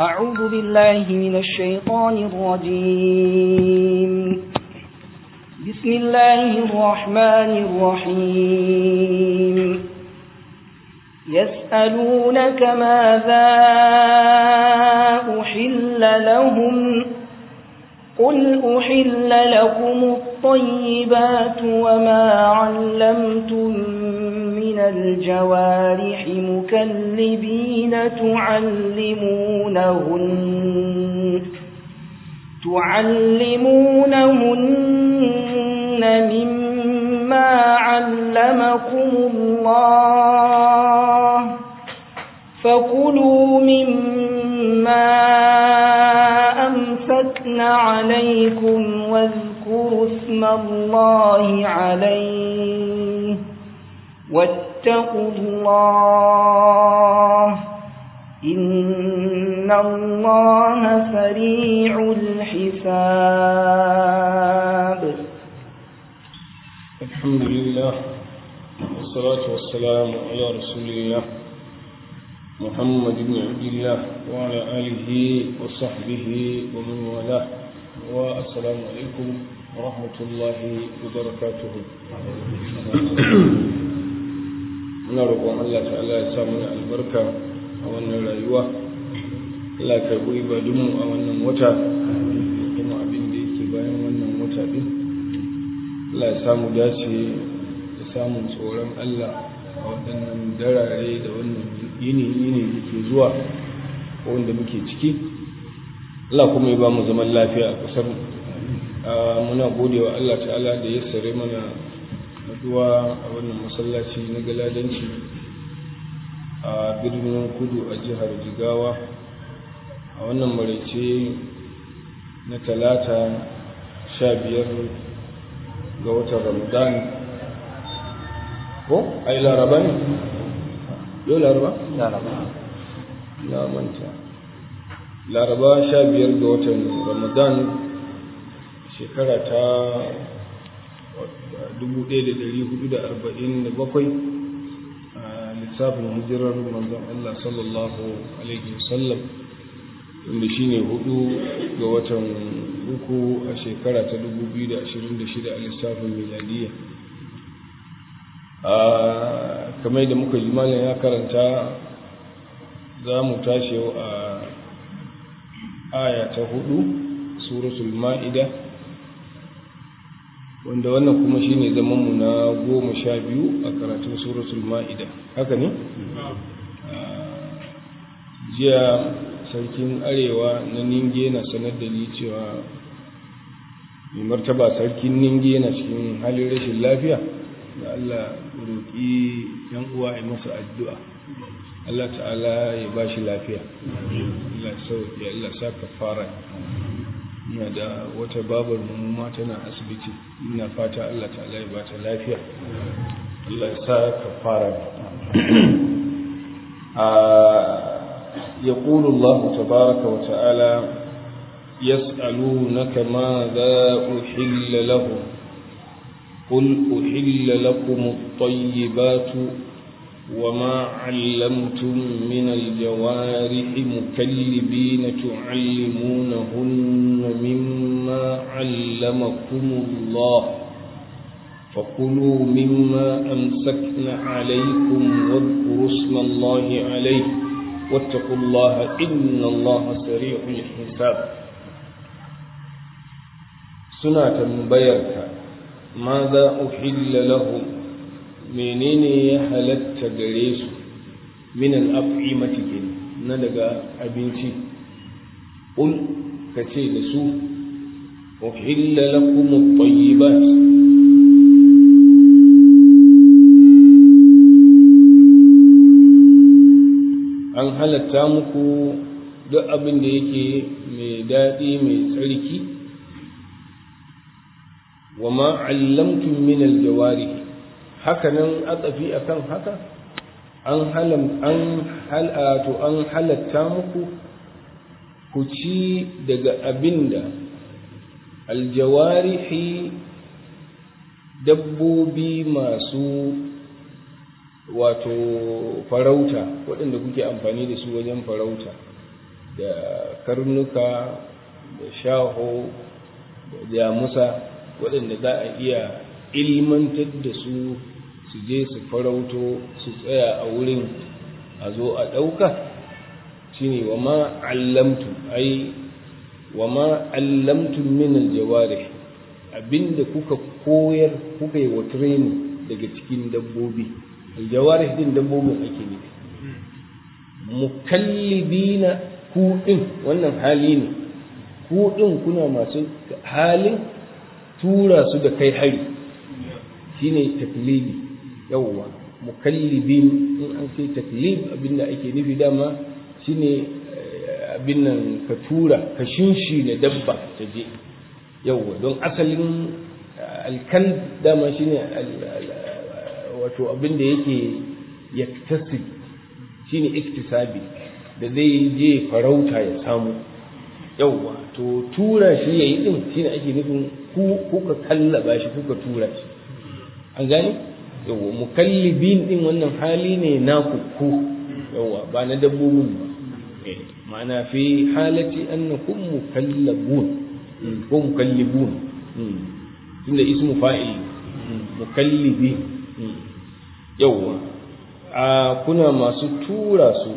أعوذ بالله من الشيطان الرجيم بسم الله الرحمن الرحيم يسألونك ماذا أحل لهم قل أحل لكم الطيبات وما علمتم من الجوارح مكلبين تعلمونهن تعلمونهن مما علمكم الله فكلوا مما أمسكن عليكم واذكروا اسم الله عليه واتقوا الله إن الله سريع الحساب الحمد لله والصلاة والسلام على رسول الله محمد بن عبد الله وعلى آله وصحبه ومن والاه والسلام عليكم ورحمة الله وبركاته muna roƙon Allah ta'ala ya sa mana albarka a wannan rayuwa Allah ka guri ba dumu a wannan wata kuma abin da yake bayan wannan wata din Allah ya samu dace da samun tsoron Allah a waɗannan darare da wannan yini yini da ke zuwa wanda muke ciki Allah kuma ya ba mu zaman lafiya a kusan. Ah, muna gode Allah ta'ala da ya sare mana haduwa a wannan masallaci na galadanci a birnin kudu a jihar jigawa a wannan maraice na talata sha biyar ga watan ramadan ko yi laraba ne yau laraba? laraba na manta laraba sha biyar ga watan ramadan shekara ta 1447 lissafin hijirar manzon Allah sallallahu alaihi wasallam shi ne hudu ga watan uku a shekara ta 2026 a lissafin miladiya kamar da muka jimalin ya karanta za mu tashi a aya ta hudu suratul ma'ida wanda wannan kuma shine zaman mu na goma sha biyu a karatun suratul ma'ida haka ne ah, jiya sarkin arewa na ninge na sanar da ni cewa mai martaba sarkin ninge na cikin halin rashin lafiya da Allah roƙi yan uwa a masa addu'a Allah ta'ala ya ba shi lafiya Allah sa fara muna da wata babar mu ma tana asibiti ina fata Allah ta'ala ya bata lafiya Allah ya sa ka fara a yaqulu Allah tabaaraka wa ta'ala yas'alunaka ma za uhilla lahum قل أحل لكم الطيبات وما علمتم من الجوارح مكلبين تعلمونهن مما علمكم الله فكلوا مما أمسكن عليكم واذكروا اسم الله عليه واتقوا الله إن الله سريع الحساب سنة مبيرك ماذا أحل لهم menene ya halatta gare su min afi matikin na daga abinci ƙul ka da su uhilla lakum at-tayyibat an halatta muku duk abin da yake mai daɗi mai tsarki wa ma 'allamtum min al-jawarih Haka hakanan atsafi akan haka an halam an halatu an halatta muku ku ci daga abinda aljawarihi dabbobi masu wato farauta waɗanda kuke amfani da su wajen farauta da karnuka da shaho da jamusa waɗanda za a iya ilmantar da su su je su farauto su tsaya a wurin a zo a ɗauka shine wa ma allamtu ai wa ma allamtu min aljawari, abinda kuka koyar kuka yi wa training daga cikin dabbobi aljawari din dabbobin ake ne mukallibi na kuɗin, wannan hali ne kuɗin kuna masu halin tura su da kai hari shine taklibi yawwa mukallibin in an sai taklif abinda ake nufi dama shine eh, abin nan ka tura ka shinshi na dabba ta je yawwa don asalin eh, alkal dama shine wato abin da yake yaktasi shine iktisabi da zai je farauta ya samu yawwa to tura shi yayi din shine ake nufin ku kuka kallaba shi kuka tura shi an gane yawa mukallibin din wannan hali ne na ku Yawwa ba na dabbobin ba eh, ma'ana fi halati annakum mukallabun hmm, ko mukallibun hmm, tunda ismu fa'il hmm, mukallibi Yawwa, a kuna masu tura su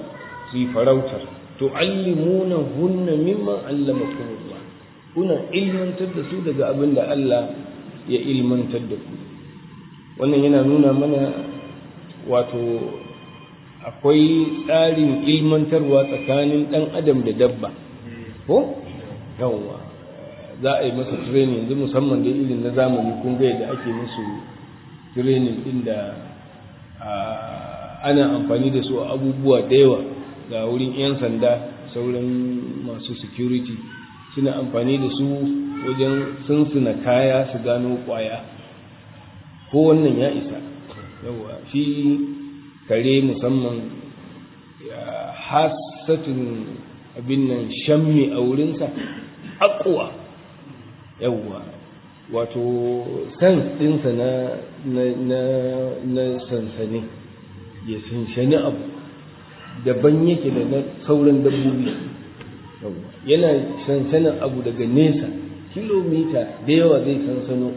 su yi farautar tu'allimuna hunna mimman allamakumullah kuna ilmantar da su daga abin da Allah ya ilmantar da ku wannan yana nuna mana wato akwai tsarin ilmantarwa tsakanin ɗan adam da dabba ko yawwa za a yi masa training yanzu musamman da irin na zamani kun gaya da ake musu training ɗin da ana amfani da su a abubuwa da yawa ga wurin 'yan sanda sauran masu security suna amfani da su wajen sunsuna kaya su gano kwaya ko wannan ya isa yawa shi kare musamman ya hasatun abin nan shammi a wurinsa akuwa yawa wato san ɗinsa na na na sansani ya sansani abu daban yake da na sauran dabbobi yana sansanin abu daga nesa kilomita da yawa zai sansano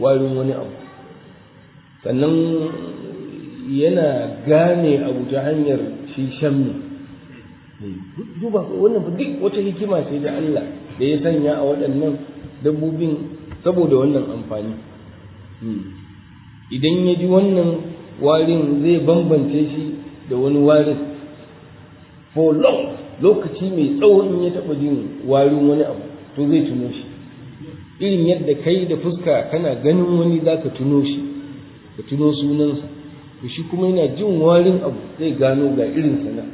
warin wani abu sannan yana gane abu ta hanyar shi shammi duba wannan duk wata hikima ce da Allah da ya sanya a waɗannan dabbobin saboda wannan amfani idan ya ji wannan warin zai bambance shi da wani warin for lokaci mai tsawon ya taɓa jin warin wani abu to zai tuno shi irin yadda kai da fuska kana ganin wani za ka tuno shi ka tuno sunansa to shi kuma yana jin warin abu zai gano ga irin sana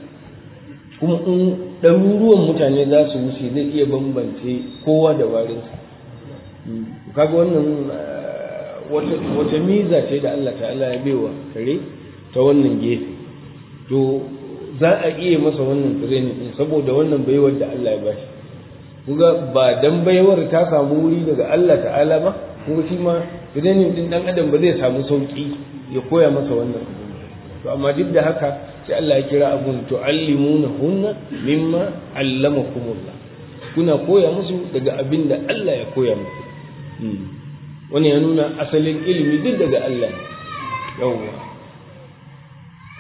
kuma in ɗaruruwan mutane za su wuce zai iya bambance kowa da warinsa hmm. kaga wannan eh, wata miza ce da Allah ta'ala ya baiwa kare ta wannan gefe to za a iya masa wannan training saboda wannan baiwar da Allah ya bashi kuga ba dan baiwar ta samu wuri daga Allah ta'ala ba kuma shi ma training din dan adam ba zai samu sauki ya koya masa wannan to amma duk da haka sai Allah ya kira abun to allimuna hunna mimma allamakumullah kuna koya musu daga abinda Allah ya koya musu wani ya nuna asalin ilimi duk daga Allah yawwa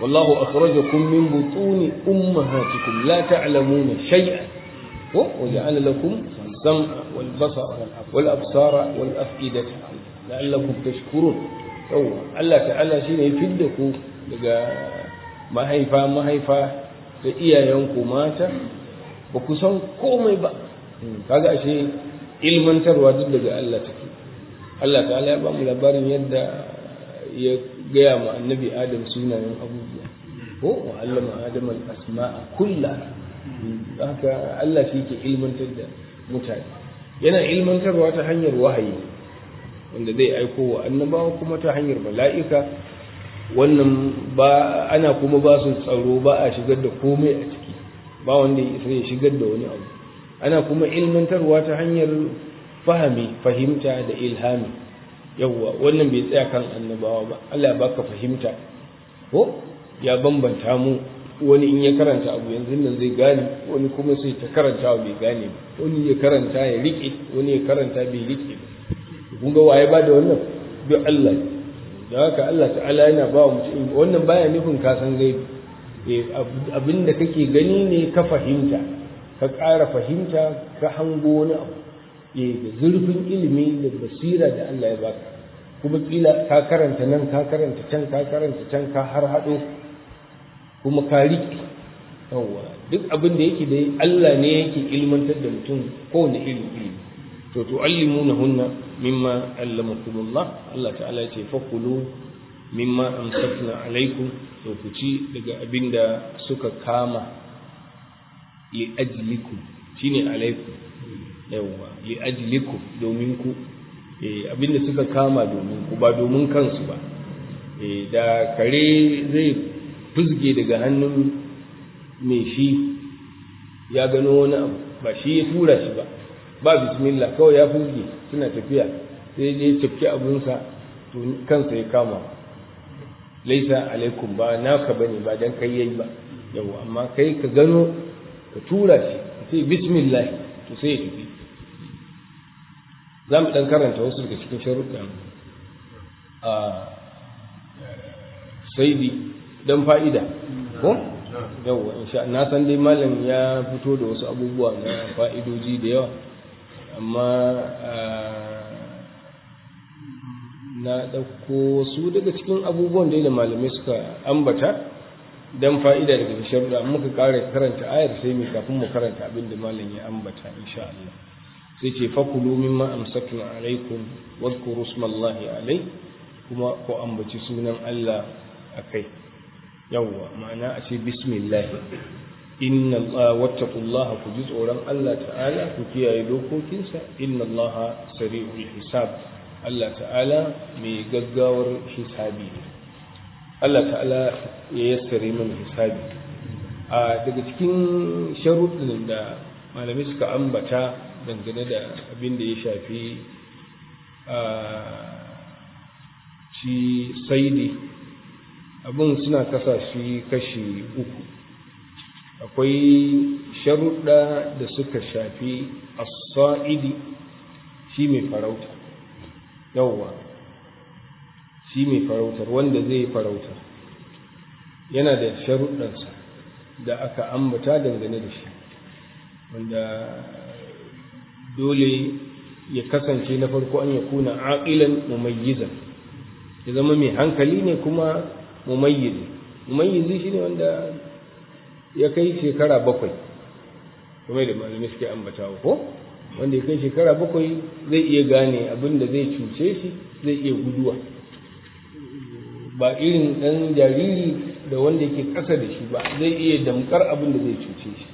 wallahu akhrajakum min butuni ummahatikum la ta'lamuna shay'an wa ja'ala lakum sam'a wal basara wal absara wal afidata la'allakum tashkurun yawwa Allah ta'ala shi ne fidda ku daga mahaifa mahaifa da iyayenku mata ba ku san komai ba kaga ashe ilmantarwa duk daga Allah take Allah ta'ala ya ba mu labarin yadda ya gaya ma annabi Adam sunayen abubuwa ko wa allama Adam al-asma'a kulla haka Allah shi ke ilmantar da mutane yana ilmantarwa ta hanyar wahayi wanda zai aiko wa annabawa kuma ta hanyar mala'ika wannan ba ana kuma ba su tsaro ba a shigar da komai a ciki ba wanda ya isa ya shigar da wani abu ana kuma ilmantarwa ta hanyar fahimi fahimta da ilhami yawwa wannan bai tsaya kan annabawa ba Allah ya baka fahimta ko ya bambanta mu wani in ya karanta abu yanzu nan zai gane wani kuma sai ta karanta bai gane wani ya karanta ya rike wani ya karanta bai rike ba kun ga waye ba da wannan duk Allah da haka Allah ta'ala yana ba mutum wannan baya nufin ka san gaibi eh, abin da kake gani ne ka fahimta ka ƙara fahimta ka hango wani abu eh, da zurfin ilimi da basira da Allah ya baka kuma kila ka karanta nan ka karanta can ka karanta can ka har haɗo kuma ka riƙe yawwa duk abin da yake dai Allah ne yake ilmantar da mutum kowane irin ilimi to to allimuna hunna mimma allamakumullah Allah ta'ala ya ce fakulu mimma amsakna alaikum to ku ci daga abinda suka kama li ajlikum shine alaikum yawa li ajlikum domin ku eh abinda suka kama domin ku ba domin kansu ba eh da kare zai fuzge daga hannun mai shi ya gano wani abu ba shi ya tura shi ba ba bismillah kawai ya fuge suna tafiya sai je tafki abunsa to kansa ya kama laisa alaikum ba naka bane ba dan kai yayi ba yau amma kai ka gano ka tura shi sai bismillah to sai ya tafi za mu dan karanta wasu daga cikin sharuɗan a saidi dan fa'ida ko yau insha na san dai malam ya fito da wasu abubuwa na fa'idoji da yawa amma eh, na ɗauko su daga cikin abubuwan da malamai suka ambata don fa'ida daga da muka ƙara karanta ayar sai mai kafin mu karanta abin da malam ya ambata insha Allah sai ce fakulu mimma amsakna alaikum wadhkuru smallahi alai kuma ko ambaci sunan Allah a kai, yawwa ma'ana a ce bismillah inna wattaqullaha ku ji tsoron Allah ta'ala ku kiyaye dokokinsa inna Allah sari'ul hisab Allah ta'ala mai gaggawar hisabi Allah ta'ala ya yassare mana hisabi a daga cikin sharuɗin da malami suka ambata dangane da abin da ya shafi a saidi abin suna kasa shi kashi uku akwai sharuɗa da suka shafi as-sa'idi shi mai farauta yawwa shi mai farautar wanda zai farauta yana da sharuɗansa da aka ambata dangane da shi wanda dole ya kasance na farko an ya kuna aqilan mumayyizan ya zama mai hankali ne kuma mumayyizi mumayyizi shine wanda ya kai shekara bakwai kuma da malamai suke ambata ko wanda ya kai shekara bakwai zai iya gane abin da zai cuce shi zai iya guduwa ba irin ɗan jariri da wanda yake ƙasa da shi ba zai iya damkar abin da zai cuce shi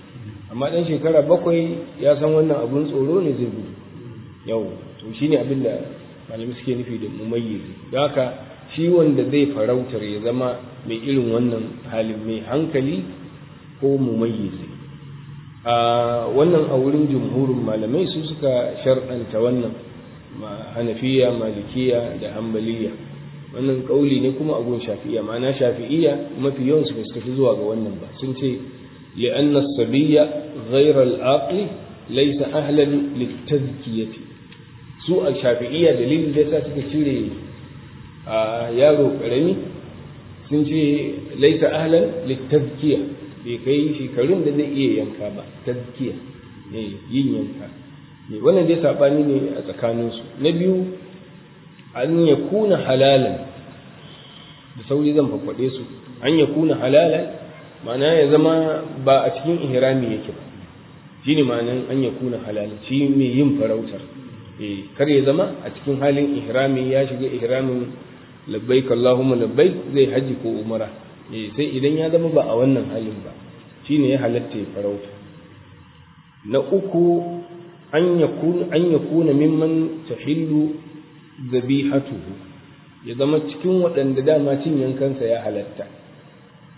amma ɗan shekara bakwai ya san wannan abin tsoro ne zai gudu yau to shi ne abin da malamai suke nufi da mumayyizi don haka shi wanda zai farautar ya zama mai irin wannan halin mai hankali ko mumayyizi a wannan a wurin jumhurin malamai su suka sharɗanta wannan hanafiya malikiya da hambaliya wannan kauli ne kuma abun shafi'iya ma'ana shafi'iya mafi yawan su suka fi zuwa ga wannan ba sun ce li'anna as-sabiyya ghayra al-aqli laysa ahlan litazkiyati su a shafi'iya dalilin da yasa suka cire a yaro karami sun ce laysa ahlan litazkiya bai kai shekarun da zai iya yanka ba tazkiya ne yin yanka ne wannan dai sabani ne a tsakaninsu na biyu an ya kuna halalan da sauri zan faɗe su an ya kuna halalan ma'ana ya zama ba a cikin ihrami yake ba shi ne ma'anin an ya kuna halalan shi mai yin farautar e, kar ya zama a cikin halin ihrami ya shiga ihramin labbaik allahumma labbaik zai haji ko umara Eh, sai idan ya zama ba a wannan halin ba shine ya halatta ya farauta na uku an ya an yakuna mimman tahillu zabihatuhu ya zama cikin waɗanda dama cin yankansa ya halatta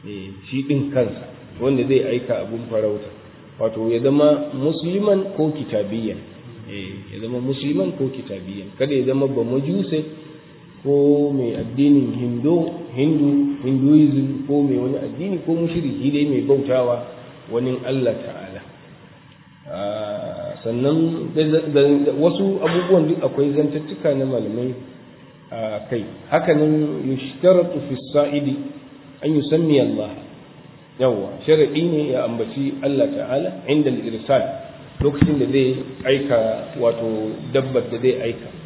eh, shi ɗin kansa wanda zai aika abun farauta wato ya zama musulman ko kitabiyan eh, ya zama musliman ko kitabiyan kada ya zama ba majusai ko mai addinin hindu hindu hinduism ko mai wani addini ko mushriki dai mai bautawa wani Allah ta'ala ah, sannan wasu abubuwan duk akwai zantattuka na malamai a kai hakanan yushtaratu fi sa'idi an yusammi Allah yawa sharadi ne ya ambaci Allah ta'ala inda al-irsal lokacin da zai aika wato dabbar da zai aika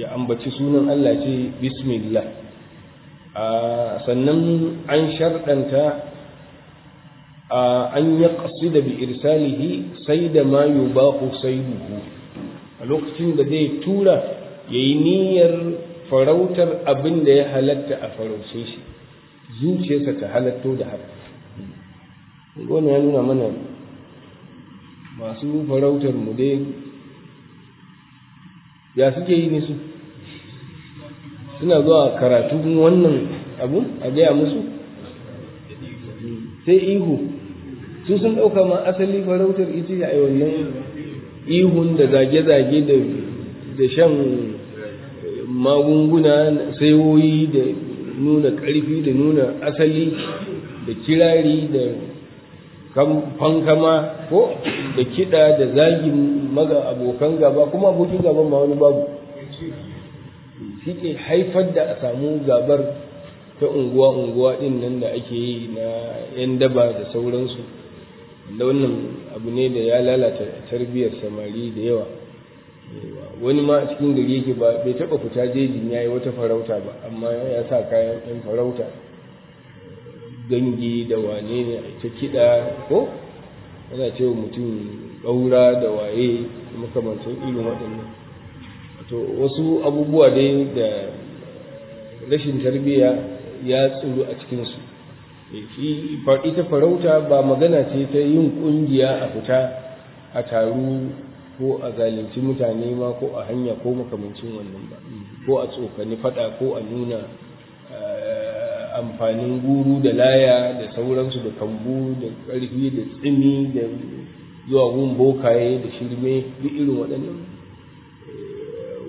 ya ambaci sunan Allah ce bismillah sannan an sharɗanta an ya da bi irsalihi sai da ma sai saiduhu a lokacin da zai tura ya yi niyyar farautar abin da ya halatta a farauce shi zuciyarsa ta halatto da haka wani ya nuna mana masu farautar mu dai ya suke yi ne suna zuwa karatu wannan abu a gaya musu sai ihu su sun ɗauka ma asali farautar ita a wannan ihun da zage-zage da shan magunguna saiwoyi da nuna ƙarfi da nuna asali da kirari da fankama ko da kiɗa da zagin maga abokan gaba kuma abokin gaban ma wani babu shi haifar da a samu gabar ta unguwa-unguwa ɗin nan da ake yi na 'yan daba da sauransu da wannan abu ne da ya lalata tarbiyyar samari da yawa wani ma a cikin gari yake ba bai taɓa fita jejin ya yi wata farauta ba amma ya sa kayan 'yan farauta gangi da wane ne a ta kiɗa ko yana cewa mutum ƙaura da waye makamantan irin waɗannan to wasu abubuwa dai da rashin tarbiyya ya tsuru a cikinsu ita farauta ba magana ce ta yin ƙungiya a fita a taru ko a zalunci mutane ma ko a hanya ko makamancin wannan ba ko a tsokani fada ko a nuna eh, amfanin guru da laya da sauransu da kambu da ƙarfi da tsimi da zuwa gun bokaye da shirme duk irin waɗannan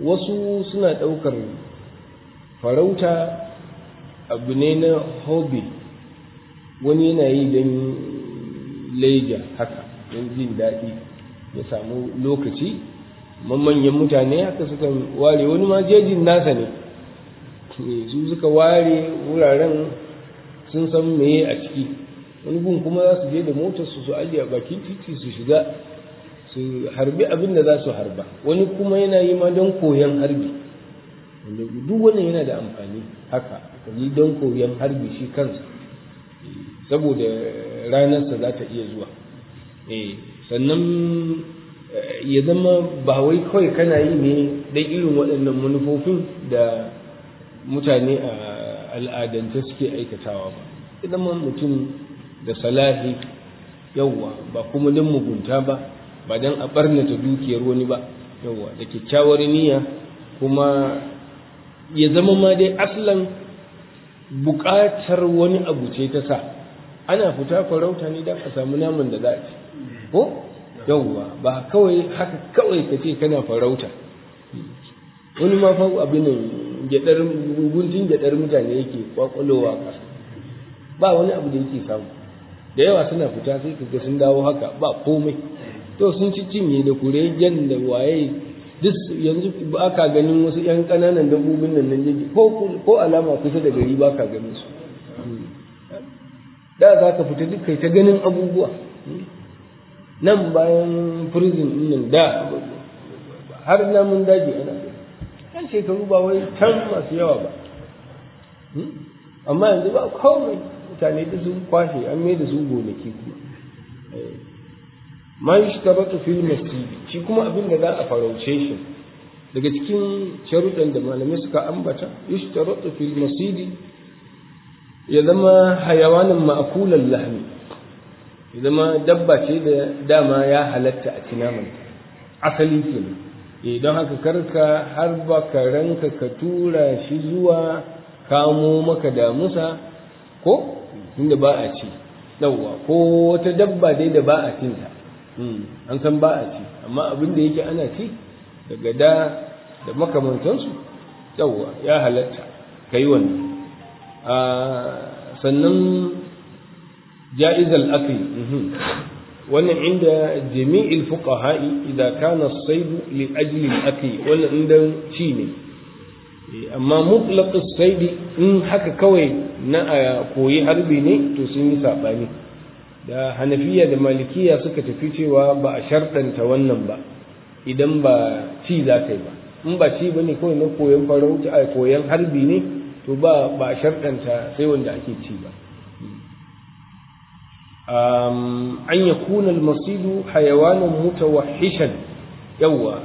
wasu suna ɗaukar farauta abu ne na hobby wani yana yi don leja haka don jin daɗi ya samu lokaci mamanyan mutane haka suka ware wani ma jejin nasa ne eh, su suka ware wuraren sun san meye a ciki wani gun kuma za su je da motar su su ajiye bakin titi su shiga su harbi abin da za su harba wani kuma yana yi ma don koyon harbi duk wani yana da amfani haka yi don koyon harbi shi kansa saboda ranarsa za ta iya zuwa eh, sannan eh, ya zama ba wai kawai kana yi ne don irin waɗannan manufofin da mutane a al'adance suke aikatawa ba idan mutum da salahi yauwa ba kuma don mugunta ba ba don a barnata dukiyar wani ba Yawwa da kyakkyawar niyya kuma ya zama ma dai aslan buƙatar wani abu ce ta sa ana fita farauta ne don a samu naman da za a ci ko yawwa ba kawai haka kawai ka ce kana farauta wani ma fa abin gyadar guntun gyadar mutane yake kwakwalowa ka ba wani abu da yake samu da yawa suna fita sai ka ga sun dawo haka ba komai yau sun ci cinye da kuregen da waye duk yanzu ba ka ganin wasu yan ƙananan dabbobin nan nan jirgi ko alama kusa da gari ba ka ganin su da za ka fita duk kai ta ganin abubuwa nan bayan prison nan da har namun daji ana kan shekaru ba wai can masu yawa ba amma yanzu ba komai mutane da sun kwashe an mai da su gonaki kuma eh. ma yushtaratu fil masjid shi kuma abin da za a farauce shi daga cikin sharuɗan da malamai suka ambata yushtaratu fil masjid ya zama hayawanin ma'akulan lahmi ya zama dabba ce da dama ya halatta a cinaman asali kenan eh don haka karka har ba ka ranka ka tura shi zuwa kamo maka damusa ko tunda ba a ci ɗauwa ko wata dabba dai da ba a cinta an san ba a ci amma abin da yake ana ci daga da da makamantansu yawwa ya halatta ka yi wannan sannan ja'izal akli wannan inda jami'il fuqaha'i idan kana as li ajli al-akli wannan indan ci ne amma mutlaq as saidi, in haka kawai na koyi harbi ne to sun yi sabani da hanafiya da malikiya suka tafi cewa ba a sharɗanta wannan ba idan ba ci za ka yi ba in ba ci ba ne kawai na koyon farauta a koyon harbi ne to ba a sharɗanta sai wanda ake ci ba an yi kuna masidu wa hishan yawa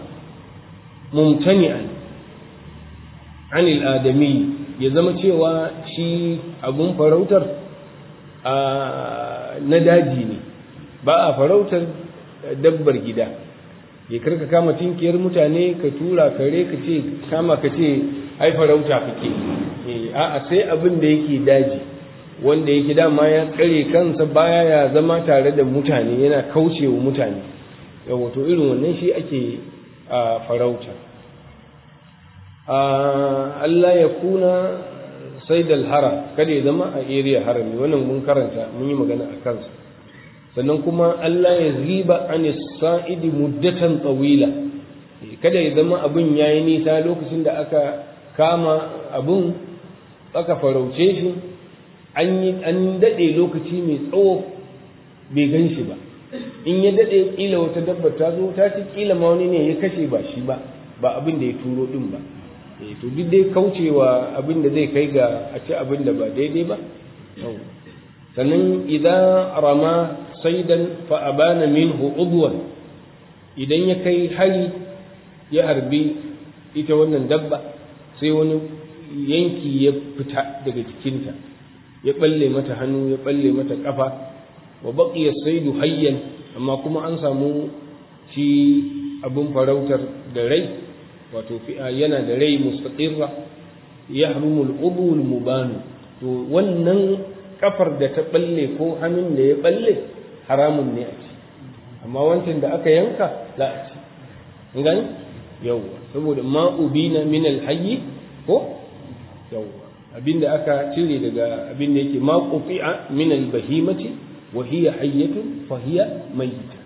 mumtani'an anil adami ya zama cewa shi abun farautar a na daji ne ba a farautar dabbar gida ya karka kama tinkiyar mutane ka tura kare ka ce kama ka ce ai farauta kake eh, a'a sai abin da yake daji wanda yake dama ya kare kansa baya ya zama tare da mutane yana kauce wa mutane wato irin wannan shi ake a farauta Allah ya kuna Sai da haram kada ya zama a area harami wannan mun karanta mun yi magana a kansa sannan kuma Allah ya ziba an sa'idi muddatan tsawila kada ya zama abin yayi nisa lokacin da aka kama abun aka farauce shi an yi an dade lokaci mai tsawo bai ganshi ba in ya dade kila wata dabba ta zo ta ci kila ma wani ne ya kashe ba shi ba ba abin da ya turo din ba Eh, to duk dai kaucewa abin da zai kai ga a ci abin da ba daidai ba sannan idan rama saidan fa abana minhu udwan idan ya kai hari ya harbi ita wannan dabba sai wani yanki ya fita daga jikinta ya balle mata hannu ya balle mata kafa wa baqiya saidu hayyan amma kuma an samu ci abin farautar da rai wato fi'a yana da rai mustaqirra yahrumu al qubul mubanu to wannan kafar da ta balle ko hannun da ya balle haramun ne a ci amma wancan da aka yanka la a ci gani yawwa saboda ma ubina min al-hayy ko yawwa abinda aka cire daga abin da yake ma qufi'a min al-bahimati wa hiya hayyatun fa hiya mayyita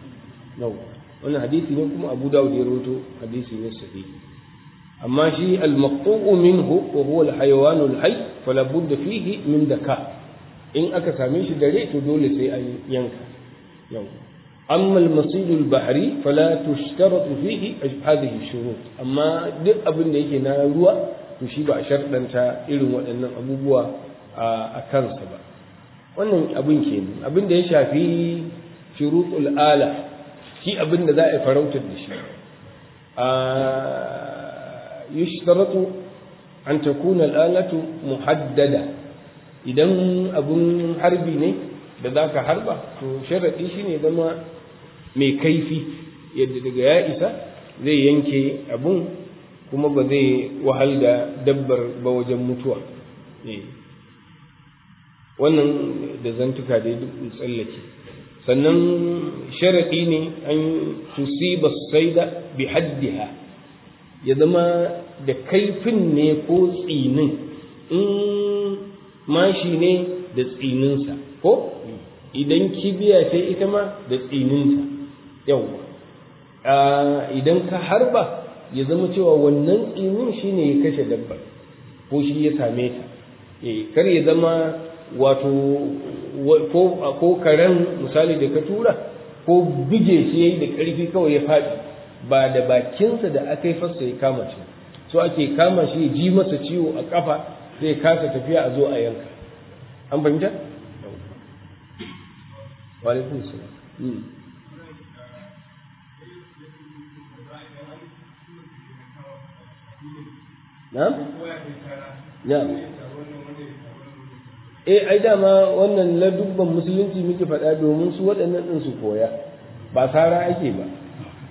yawwa wannan hadisi ne kuma Abu Dawud ya rawaito hadisi ne sahihi amma shi al-maqtu'u minhu wa huwa al-hayawan fala budda fihi min daka in aka same shi dare to dole sai an yanka yau amma al-masid bahri fala tushtaratu fihi hadhihi shurut amma duk abin da yake na ruwa to shi ba a sharɗanta irin waɗannan abubuwa a kansa ba wannan abin kenan abin da ya shafi shurutul ala shi abin da za a farautar da shi yushtaratu an takuna al'alatu muhaddada idan abun harbi ne da zaka harba to sharadi shine zama mai kaifi yadda daga ya isa zai yanke abun kuma ba zai wahal da dabbar ba wajen mutuwa wannan da zantuka dai duk tsallake sannan sharaɗi ne an tusiba saida bi haddiha ya zama da kaifin ne ko tsinin in mashi ne da tsininsa ko idan kibiya ce ita ma da tsininsa yau idan ka harba ya zama cewa wannan tsinin shi ne ya kashe dabba ko shi ya same ta eh, kar ya zama wato ko karen misali da ka tura ko bige shi ya yi da ƙarfi kawai ya faɗi ba da bakinsa da aka yi fasa ya kama shi so ake kama shi ji masa ciwo a kafa zai kasa tafiya a zo a yanka an fahimta hmm. na'am na'am eh ai dama wannan ladubban musulunci muke faɗa domin su waɗannan ɗin su koya ba sara ake ba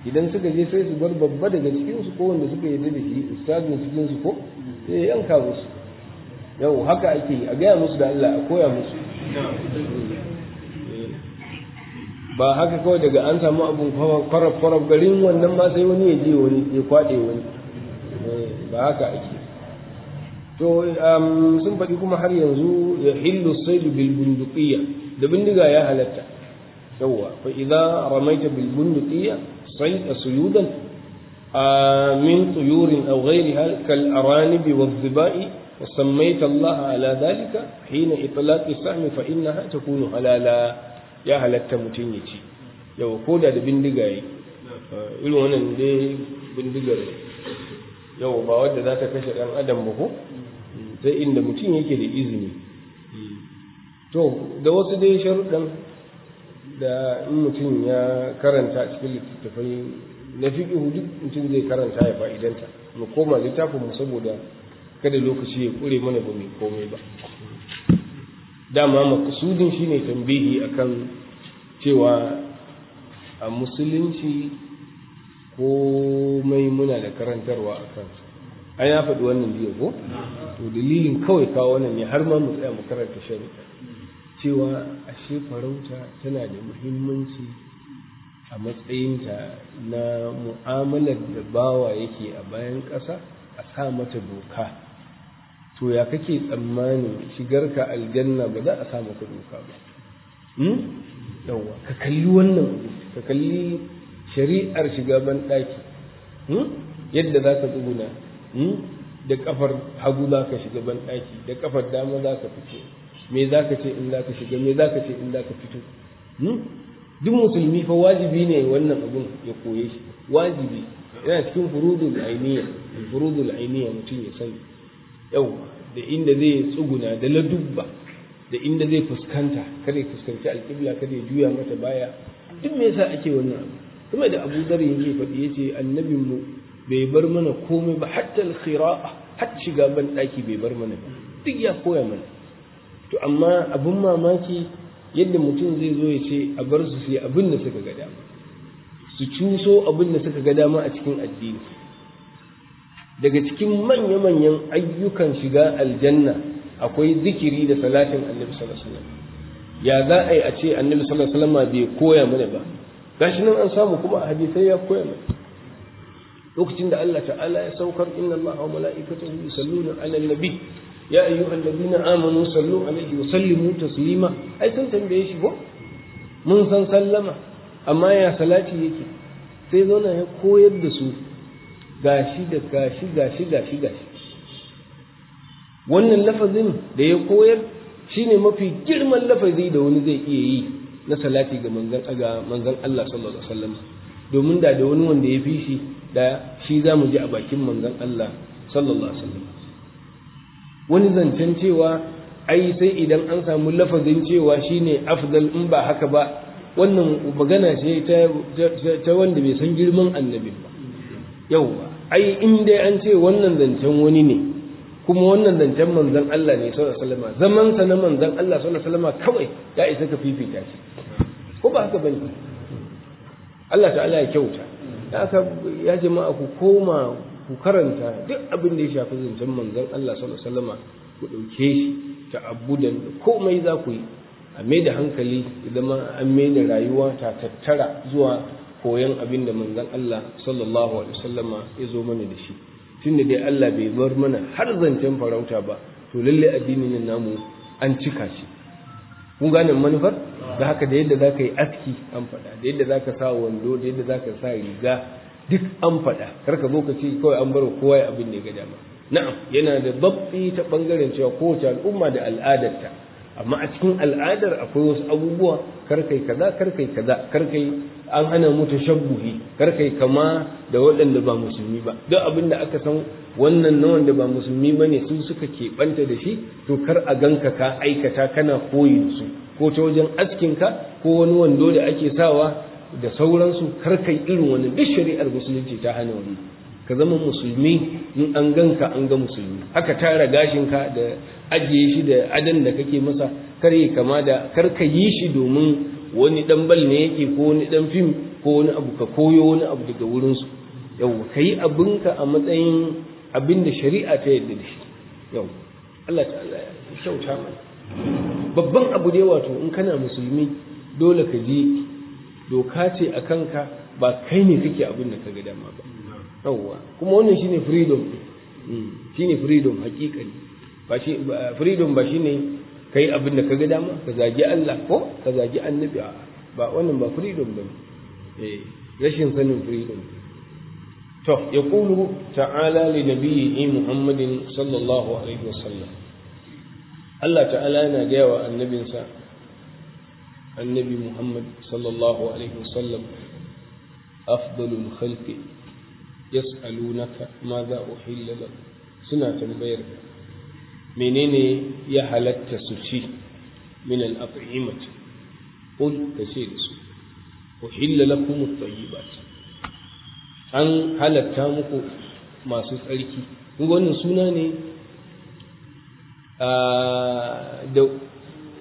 idan suka je sai su bar babba daga cikin su ko wanda suka yarda da shi ustazin cikin su ko sai yanka musu yau haka ake a gaya musu da Allah a koya musu ba haka kawai daga an samu abun kwarar kwarar garin wannan ma sai wani ya je wani ya kwaɗe wani eh, ba haka ake to sun faɗi kuma har yanzu ya hillu saidu bil bunduqiyya da bindiga ya halatta yawwa fa idza ramaita bil bunduqiyya سيودا من طيور أو غيرها كالأرانب والظباء وسميت الله على ذلك حين إطلاق السهم فإنها تكون حلالا يا هل التمتنيتي يو كودا دا بندقاي إلو هنا دي بندقاي يو باود ذات كشر أن أدم بكو sai inda mutum yake da izini to da wasu da in mutum ya karanta cikin littattafai na fiƙihu duk mutum zai karanta ya fa'idanta mu koma littafin mu saboda kada lokaci ya kure mana ba mai komai ba dama makasudin shine tambihi akan cewa a musulunci komai muna da karantarwa a kan an ya faɗi wannan biyu ko to dalilin kawai kawo wannan ne har ma mu tsaya mu karanta shari'a cewa ashe farauta tana da muhimmanci a matsayinta na mu'amalar da bawa yake a bayan ƙasa a sa mata doka to ya kake tsammanin shigarka aljanna ba za a sa maka doka ba hmm? yawwa ka kalli wannan ka kalli shari'ar shiga ban ɗaki hmm? yadda za ka tsuguna hmm? da kafar hagu za ka shiga ban ɗaki da kafar dama za ka fice me za ka ce in za ka shiga me za ka ce in za ka fito hmm? duk musulmi fa wajibi ne wannan abun ya koye shi wajibi yana cikin furudul ainiya furudul ainiya mutum ya sani yau da inda zai tsuguna da ladubba da inda zai fuskanta kada ya fuskanci alƙibla kada ya juya mata baya duk me yasa ake wannan abu kuma da Abu Dharr yake faɗi yace annabin mu bai bar mana komai ba hatta al-khira'a har shiga ban daki bai bar mana duk ya koya mana to amma abin mamaki yadda mutum zai zo ya ce a bar su sai abin da suka ga dama su cuso abin da suka ga dama a cikin addini daga cikin manya-manyan ayyukan shiga aljanna akwai zikiri da salatin annabi sallallahu alaihi wasallam ya za a yi a ce annabi sallallahu alaihi wasallam bai koya mana ba gashi nan an samu kuma a hadisai ya koya mana lokacin da Allah ta'ala ya saukar inna Allah wa mala'ikatahu yusalluna 'alan nabi يا ayyuha الذين amanu صلوا عليه وسلموا تسليما taslima ai sun tambaye shi ko mun san sallama amma ya salati yake sai zo na koyar da su gashi da gashi gashi gashi gashi wannan lafazin da ya koyar shine mafi girman lafazi da wani zai iya yi na salati ga manzon ga manzon Allah sallallahu alaihi wasallam domin da da wani wanda ya fi shi da shi za mu ji a bakin manzon Allah sallallahu alaihi wasallam wani zancen cewa ai sai idan an samu lafazin cewa shine afdal in ba haka ba wannan magana ce ta wanda bai san girman annabi ba yauwa ai in dai an ce wannan zancen wani ne kuma wannan zancen manzon Allah ne sallallahu alaihi wasallam zaman sa na manzon Allah sallallahu alaihi wasallam kawai ya isa ka fifita shi ko ba haka bane Allah ta'ala ya kyauta haka ya jama'a ku koma ku karanta duk abin da ya shafi zancen manzon Allah sallallahu alaihi wasallama ku ɗauke shi ta ta'abbudan komai za ku yi a mai da hankali idan an mai da rayuwa ta tattara zuwa koyon abin da manzon Allah sallallahu alaihi wasallama ya zo mana da shi tunda dai Allah bai bar mana har zancen farauta ba to lalle addinin namu an cika shi kun gane manufar da haka da yadda zaka yi aski an faɗa da yadda zaka sa wando da yadda ka sa riga duk an faɗa ka zo ka ce kawai an bar kowa ya abin da ga dama na'am yana da babbi ta bangaren cewa kowace al'umma da al'adarta amma a cikin al'adar akwai wasu abubuwa kar kai kaza kai kaza kai an hana mu kar kai kama da waɗanda ba musulmi ba duk abin da aka san wannan na wanda ba musulmi bane su suka keɓanta da shi to kar a ganka ka aikata kana koyi da su ko ta wajen askinka ko wani wando da ake sawa da sauransu karkai irin wani duk shari'ar musulunci ta hana wani ka zama musulmi in an ganka an ga musulmi haka tara gashinka da ajiye shi da adan da kake masa kar kama da kar ka shi domin wani dan bal ne yake ko wani dan fim ko wani abu ka koyo wani abu daga wurin yau ka yi abinka a matsayin abin da shari'a ta yadda da shi yau Allah ta'ala ya shauta mana babban abu ne wato in kana musulmi dole ka je. doka ce a kanka ba kai ne kake abin da ka ga dama ba yawwa kuma wannan shine freedom hmm. shine freedom hakikani ba shi freedom ba shine kai abin da ka ga dama ka zagi Allah ko ka zagi annabi ba wannan ba freedom ba eh rashin sanin freedom to yaqulu ta'ala li nabiyyi Muhammadin sallallahu alaihi wasallam Allah ta'ala yana gaya wa annabinsa النبي محمد صلى الله عليه وسلم أفضل الخلق يسألونك ماذا أحل لك سنة تنبير منين يحلت سشي من الأطعمة قل كثير أحل لكم الطيبات an halatta muku masu tsarki wannan suna ne da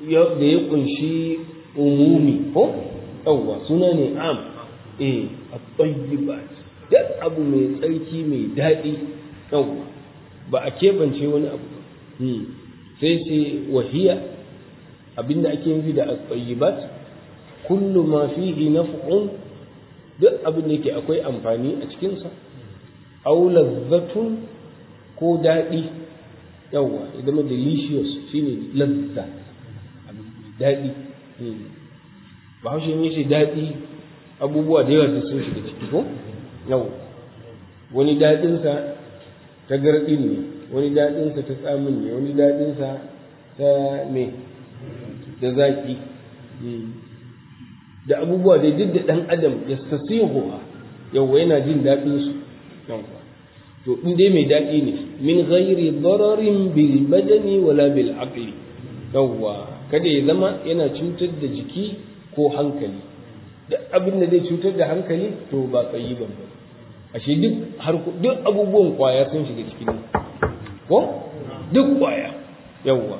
ya kunshi umumi ko yawwa suna ne am eh at-tayyibat duk abu mai tsarki mai daɗi yawwa ba a kebance wani abu ba hmm. sai ce wahiya abinda ake nufi da at kullu ma fihi naf'un duk abin da yake akwai amfani a cikinsa aw lazzatun ko daɗi yawwa idan delicious shine lazza daɗi ba haushe ne shi daɗi abubuwa da yawa da sun shiga ciki ko yau wani daɗinsa ta garɗi ne wani daɗinsa ta tsamin ne wani daɗinsa ta me da zaƙi da abubuwa da duk da ɗan adam ya sasihu yau yana jin daɗinsu yau to in dai mai daɗi ne min ghairi dararin bil badani wala bil aqli yawwa kada ya zama yana cutar da jiki ko hankali duk abin da zai cutar da hankali to ba tsayi ban ba ashe duk duk abubuwan kwaya sun shiga cikin ko duk kwaya yawwa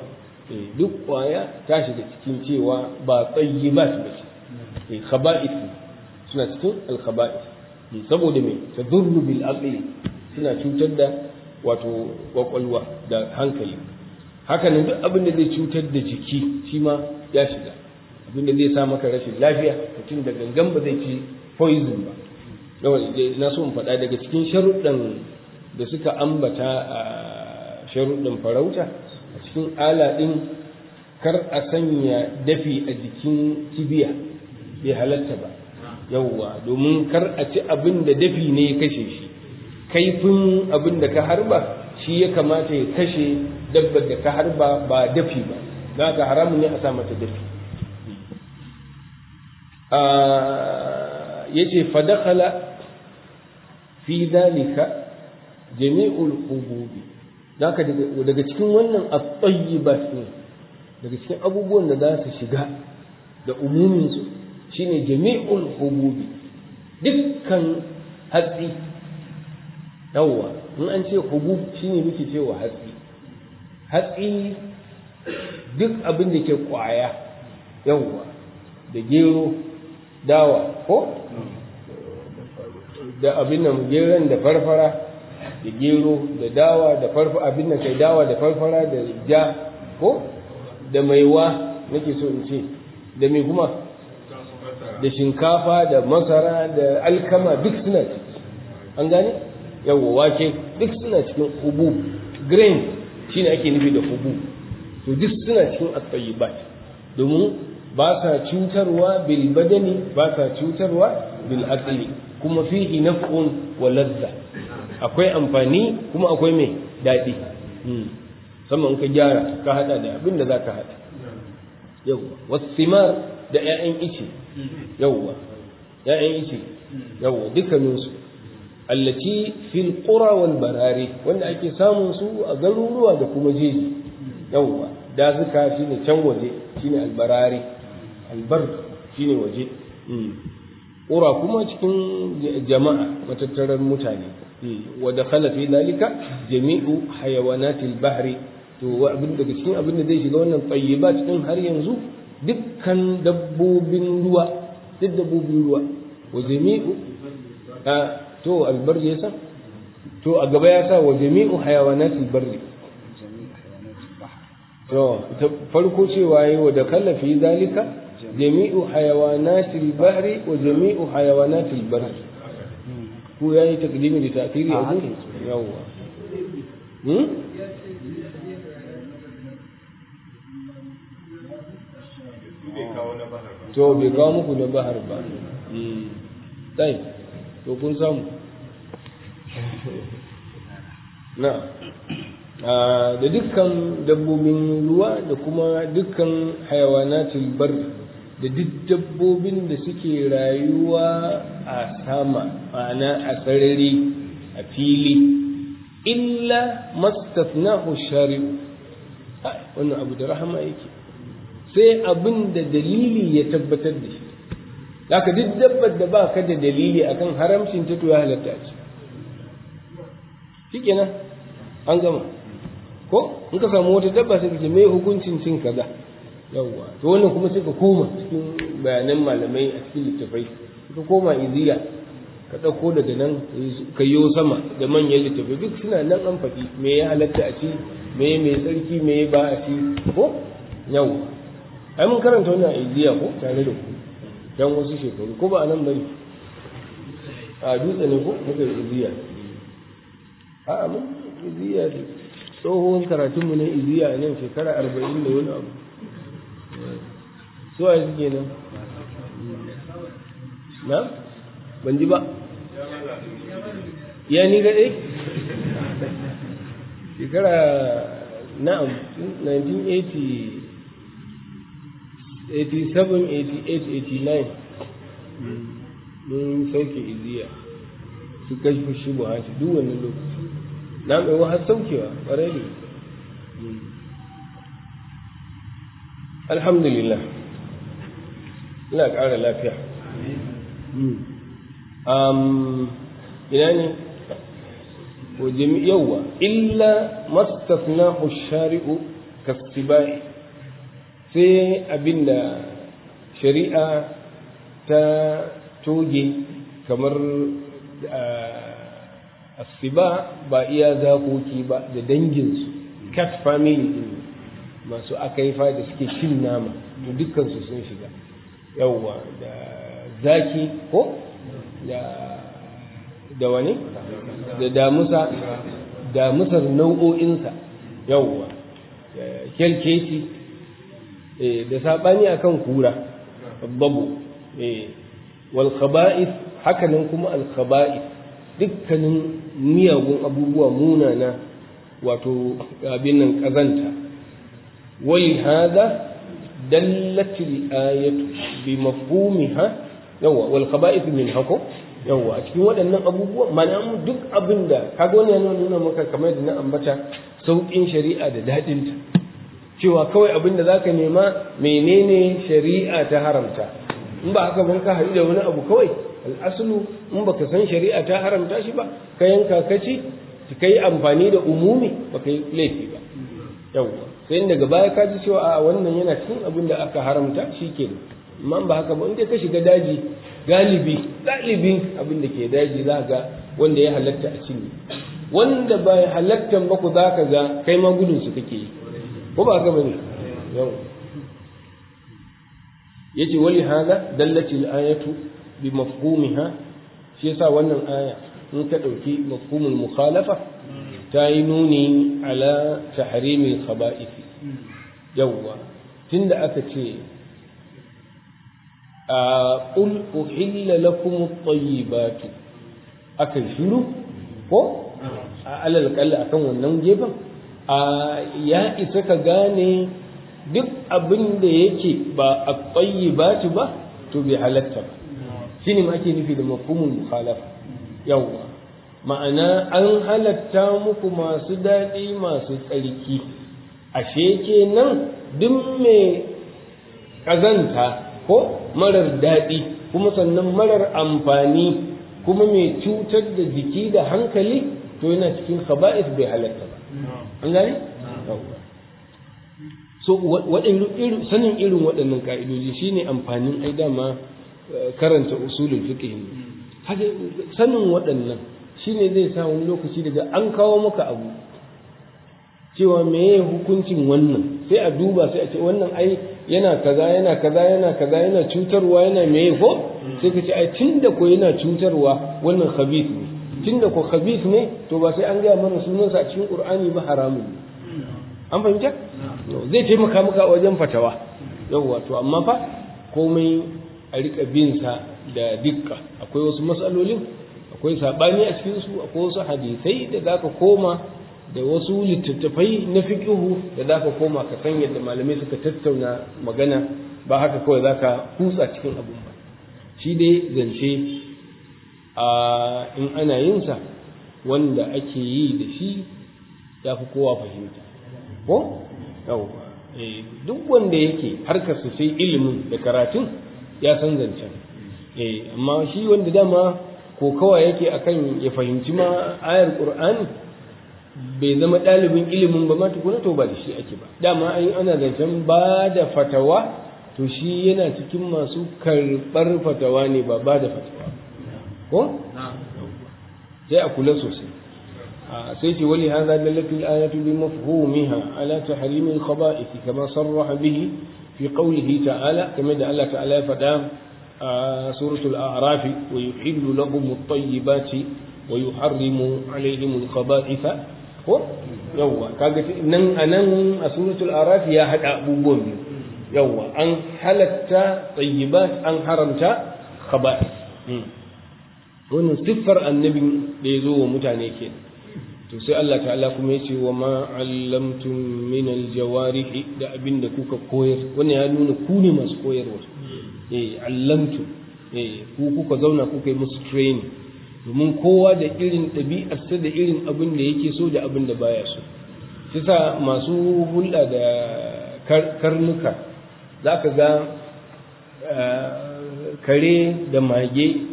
eh duk kwaya ta shiga cikin cewa ba tsayi ba ce eh khaba'ith suna cikin al-khaba'ith eh, saboda me tadurru bil aqli suna cutar da wato kwakwalwa da hankali haka hakanan duk abin da zai cutar da jiki shi ma ya shiga abin da zai sa maka rashin lafiya mutum da gangan ba zai ci poison ba na so in faɗa daga cikin sharuɗan da suka ambata a sharuɗan farauta a cikin ala ɗin kar a sanya dafi a jikin kibiya bai halatta ba yawwa domin kar a ci abin da dafi ne ya kashe shi kaifin abin da ka harba shi ya kamata ya kashe dabbar da ka harba ba dafi ba za ka haramun ne a sa mata dafi ah, ya ce fadakala fi dalika jami'ul hububi za ka daga cikin wannan ba tsayyibat ne daga cikin abubuwan da za su shiga da umuminsu shine jami'ul hububi dukkan hatsi yawwa in an ce hubub ne muke cewa hatsi hatsi duk abin da ke kwaya yawwa da gero dawa ko da abin nan geron da farfara da gero da dawa da farfara abin nan kai dawa da farfara da ja ko da maiwa nake so in ce da mai kuma da shinkafa da masara da alkama duk suna ciki an gane yawwa wake duk suna cikin ubu grains shine ake nufi da hubu to duk suna cikin at-tayyibat domin ba sa cutarwa bil badani ba sa cutarwa bil aqli kuma fihi naf'un wa ladda akwai amfani kuma akwai mai daɗi musamman hmm. ka gyara ka hada da abin da zaka hada yawwa wasimar da 'ya'yan ice yawwa 'ya'yan ice yawwa dukkaninsu allati fil qura wal barari wanda ake samun su a garuruwa da kuma jeji yawwa dazuka shine can waje shine albarari albar shine waje hmm. qura kuma cikin jama'a matattarar mutane hmm. wa dakhala fi dalika jami'u hayawanatil bahri to abin daga cikin abin da zai shiga wannan tayyiba cikin har yanzu dukkan dabbobin ruwa duk dabbobin ruwa wa jami'u to albarri ya sa to a gaba ya sa wa jami'u hayawanatil barri to farko cewa yi wa da kallafi zalika jami'u hayawanatil bahri wa jami'u hayawanatil barri ko yayi takdimi da ta'khiri a gurin yawwa hmm? to hmm. bai kawo muku na bahar ba. Tsaye. Hmm. to kun samu na da dukkan dabbobin ruwa da kuma dukkan hayawanatul bar da duk dabbobin da suke rayuwa a sama ma'ana a sarari a fili illa mastafna shari wannan abu da rahama yake sai abin da dalili ya tabbatar da shi haka duk dabbar da ba ka da dalili akan haramcin ta to ya halatta ce na, an gama ko in ka samu wata dabba sai ce me hukuncin cin kaza yawwa to wannan kuma sai ka koma cikin bayanan malamai a cikin littafai ka koma iziya ka ɗauko daga nan ka yi sama da manyan littafai duk suna nan an faɗi me ya halatta a ci me mai tsarki me ba a ci ko yawwa ai mun karanta wannan iziya ko tare da ku can wasu shekaru ko ba a nan bane a dutse ne ko muka yi iziya a mun iziya ne tsohon karatunmu na iziya a nan shekara arba'in da wani abu suwa suke nan na ban ji ba ya ni gaɗe shekara na'am 1980 87 88 mun sauke iziya su kashfi shi ba haka duk wannan lokaci na mai wa har saukewa ƙwarai ne alhamdulillah ina ƙara lafiya ina ne wa illa shari'u kasibai sai abin da shari'a ta toge kamar asiba ba iya zakoki ba da danginsu cat family masu akaifa da suke cin nama to dukkansu sun shiga yawwa da zaki ko da wani da damusa damusar nau'o'insa yawwa kyalkeci Eh, da saɓani kan kura babu eh, wal hakanan kuma al dukkanin miyagun abubuwa munana wato abin nan kazanta wai hada dallat ayatu bi mafhumiha yawa wal khaba'ith min hako yawa a cikin waɗannan abubuwa mana duk abinda kaga wannan yana nuna maka kamar da na ambata sauƙin shari'a da daɗinta cewa kawai abin da ka nema menene shari'a ta haramta in ba haka ban ka haɗu da wani abu kawai al'asulu in ba ka san shari'a ta haramta shi ba ka yanka ka ci ka yi amfani da umumi ba ka yi laifi ba yawwa sai daga baya ka ji cewa a wannan yana cikin abin da aka haramta shi ke amma ba haka ba in ka shiga daji galibi galibin abin da ke daji za ga wanda ya halatta a cinye wanda ba halattan ba ku za ka ga kai ma gudunsu kake yi ko ba haka bane yau yace wali hada dallati ayatu bi mafhumiha shi yasa wannan aya in ka dauki mafhumul mukhalafa ta yi nuni ala tahrimil khaba'ith yawwa tunda aka ce a qul uhilla lakum at-tayyibatu aka shiru ko alal kalla akan wannan gefen A ya isa ka gane duk abin da yake ba a ƙwayi ba ba to bai halatta ba shi ne ake nufi da mafhumul mukhalafa yawwa ma'ana an halatta muku masu daɗi masu tsarki ashe nan duk mai ƙazanta ko marar daɗi kuma sannan marar amfani kuma mai cutar da jiki da hankali to yana cikin haba'is bai halatta ba an gani? so sanin irin waɗannan shi shine amfanin ai dama eh, karanta usulin fiqh sanin waɗannan shine zai sa wani lokaci daga an kawo maka abu cewa meye hukuncin wannan sai a duba sai a ce wannan ai yana kaza yana kaza yana kaza yana cutarwa yana meye ko sai ka ce ai tun da ko yana cutarwa wannan khabith ne da ko khabith ne to ba sai an gaya mana sunansa a cikin qur'ani ba haramun ne an fahimta zai taimaka maka wajen fatawa yawwa to amma fa komai a rika bin sa da dukka akwai wasu matsalolin akwai sabani a cikin su akwai wasu hadisai da zaka koma da wasu littattafai na fiqihu da zaka koma ka san yadda malamai suka tattauna magana ba haka kawai zaka kutsa cikin abun ba shi dai zance a in ana yinsa wanda ake yi da shi ya fi kowa fahimta ko eh, duk wanda yake harkar su sai ilimin da karatun ya san zancen eh, amma shi wanda dama ko kawa yake akan ya fahimci ma ayar qur'ani bai zama ɗalibin ilimin ba ma tukuna to ba da shi ake ba dama in ana zancen ba da fatawa to shi yana cikin masu karɓar fatawa ne ba ba da fatawa ko sai a kula sosai sai ce wali hadha dallatul ayatu bi mafhumiha ala tahrim al khaba'ith kama sarraha bihi fi qawlihi ta'ala kama da Allah ta'ala ya faɗa a suratul a'raf wa yuhillu lahum at-tayyibati wa yuharrimu alaihim al khaba'ith ko yawwa kaga nan anan a suratul a'raf ya hada abubuwan biyu yawwa an halatta tayyibat an haramta khaba'ith hmm. wannan siffar annabin da ya zo wa mutane ke to sai Allah ta'ala kuma ya ce wa ma allamtum min aljawarihi da abin da kuka koyar wannan ya nuna ku ne masu koyarwa eh allamtum eh ku kuka zauna kuka yi musu training domin kowa da irin sa da irin abin da yake so da abin da baya so sisa masu hulɗa da karnuka za ka ga eh, kare da mage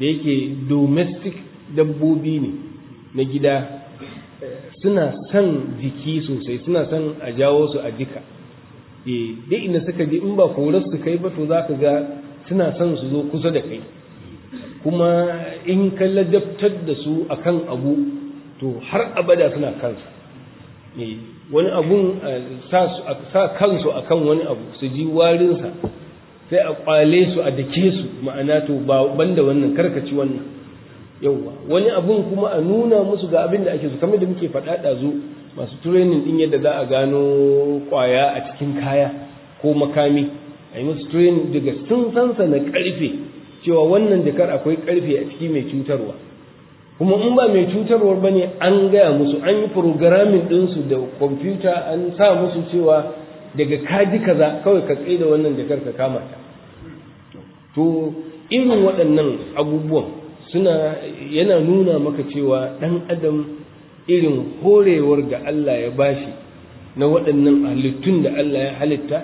da yake domestic dabbobi ne na gida suna son jiki sosai suna son a jawo su a jika eh, dai inda suka ji in ba korar su kai ba to za ka ga suna son su zo kusa da kai kuma in ka ladabtar da su akan abu to har abada suna kansa eh, wani abun eh, sa kansu akan wani abu su ji warinsa sai a kwale su a dake su ma'ana to ba banda wannan karkaci wannan yauwa wani abun kuma a nuna musu ga abin da ake su kamar da muke faɗa ɗazu masu training din yadda za a gano ƙwaya a cikin kaya ko makami a yi musu training daga sun sansa na karfe cewa wannan jakar akwai ƙarfe a ciki mai cutarwa kuma in ba mai cutarwar ba ne an gaya musu an yi programming ɗinsu da kwamfuta an sa musu cewa daga kaji kaza kawai ka tsaye da wannan jakar ka kama ta to irin waɗannan abubuwan suna yana nuna maka cewa ɗan adam irin horewar da Allah ya bashi na waɗannan halittun da Allah ya halitta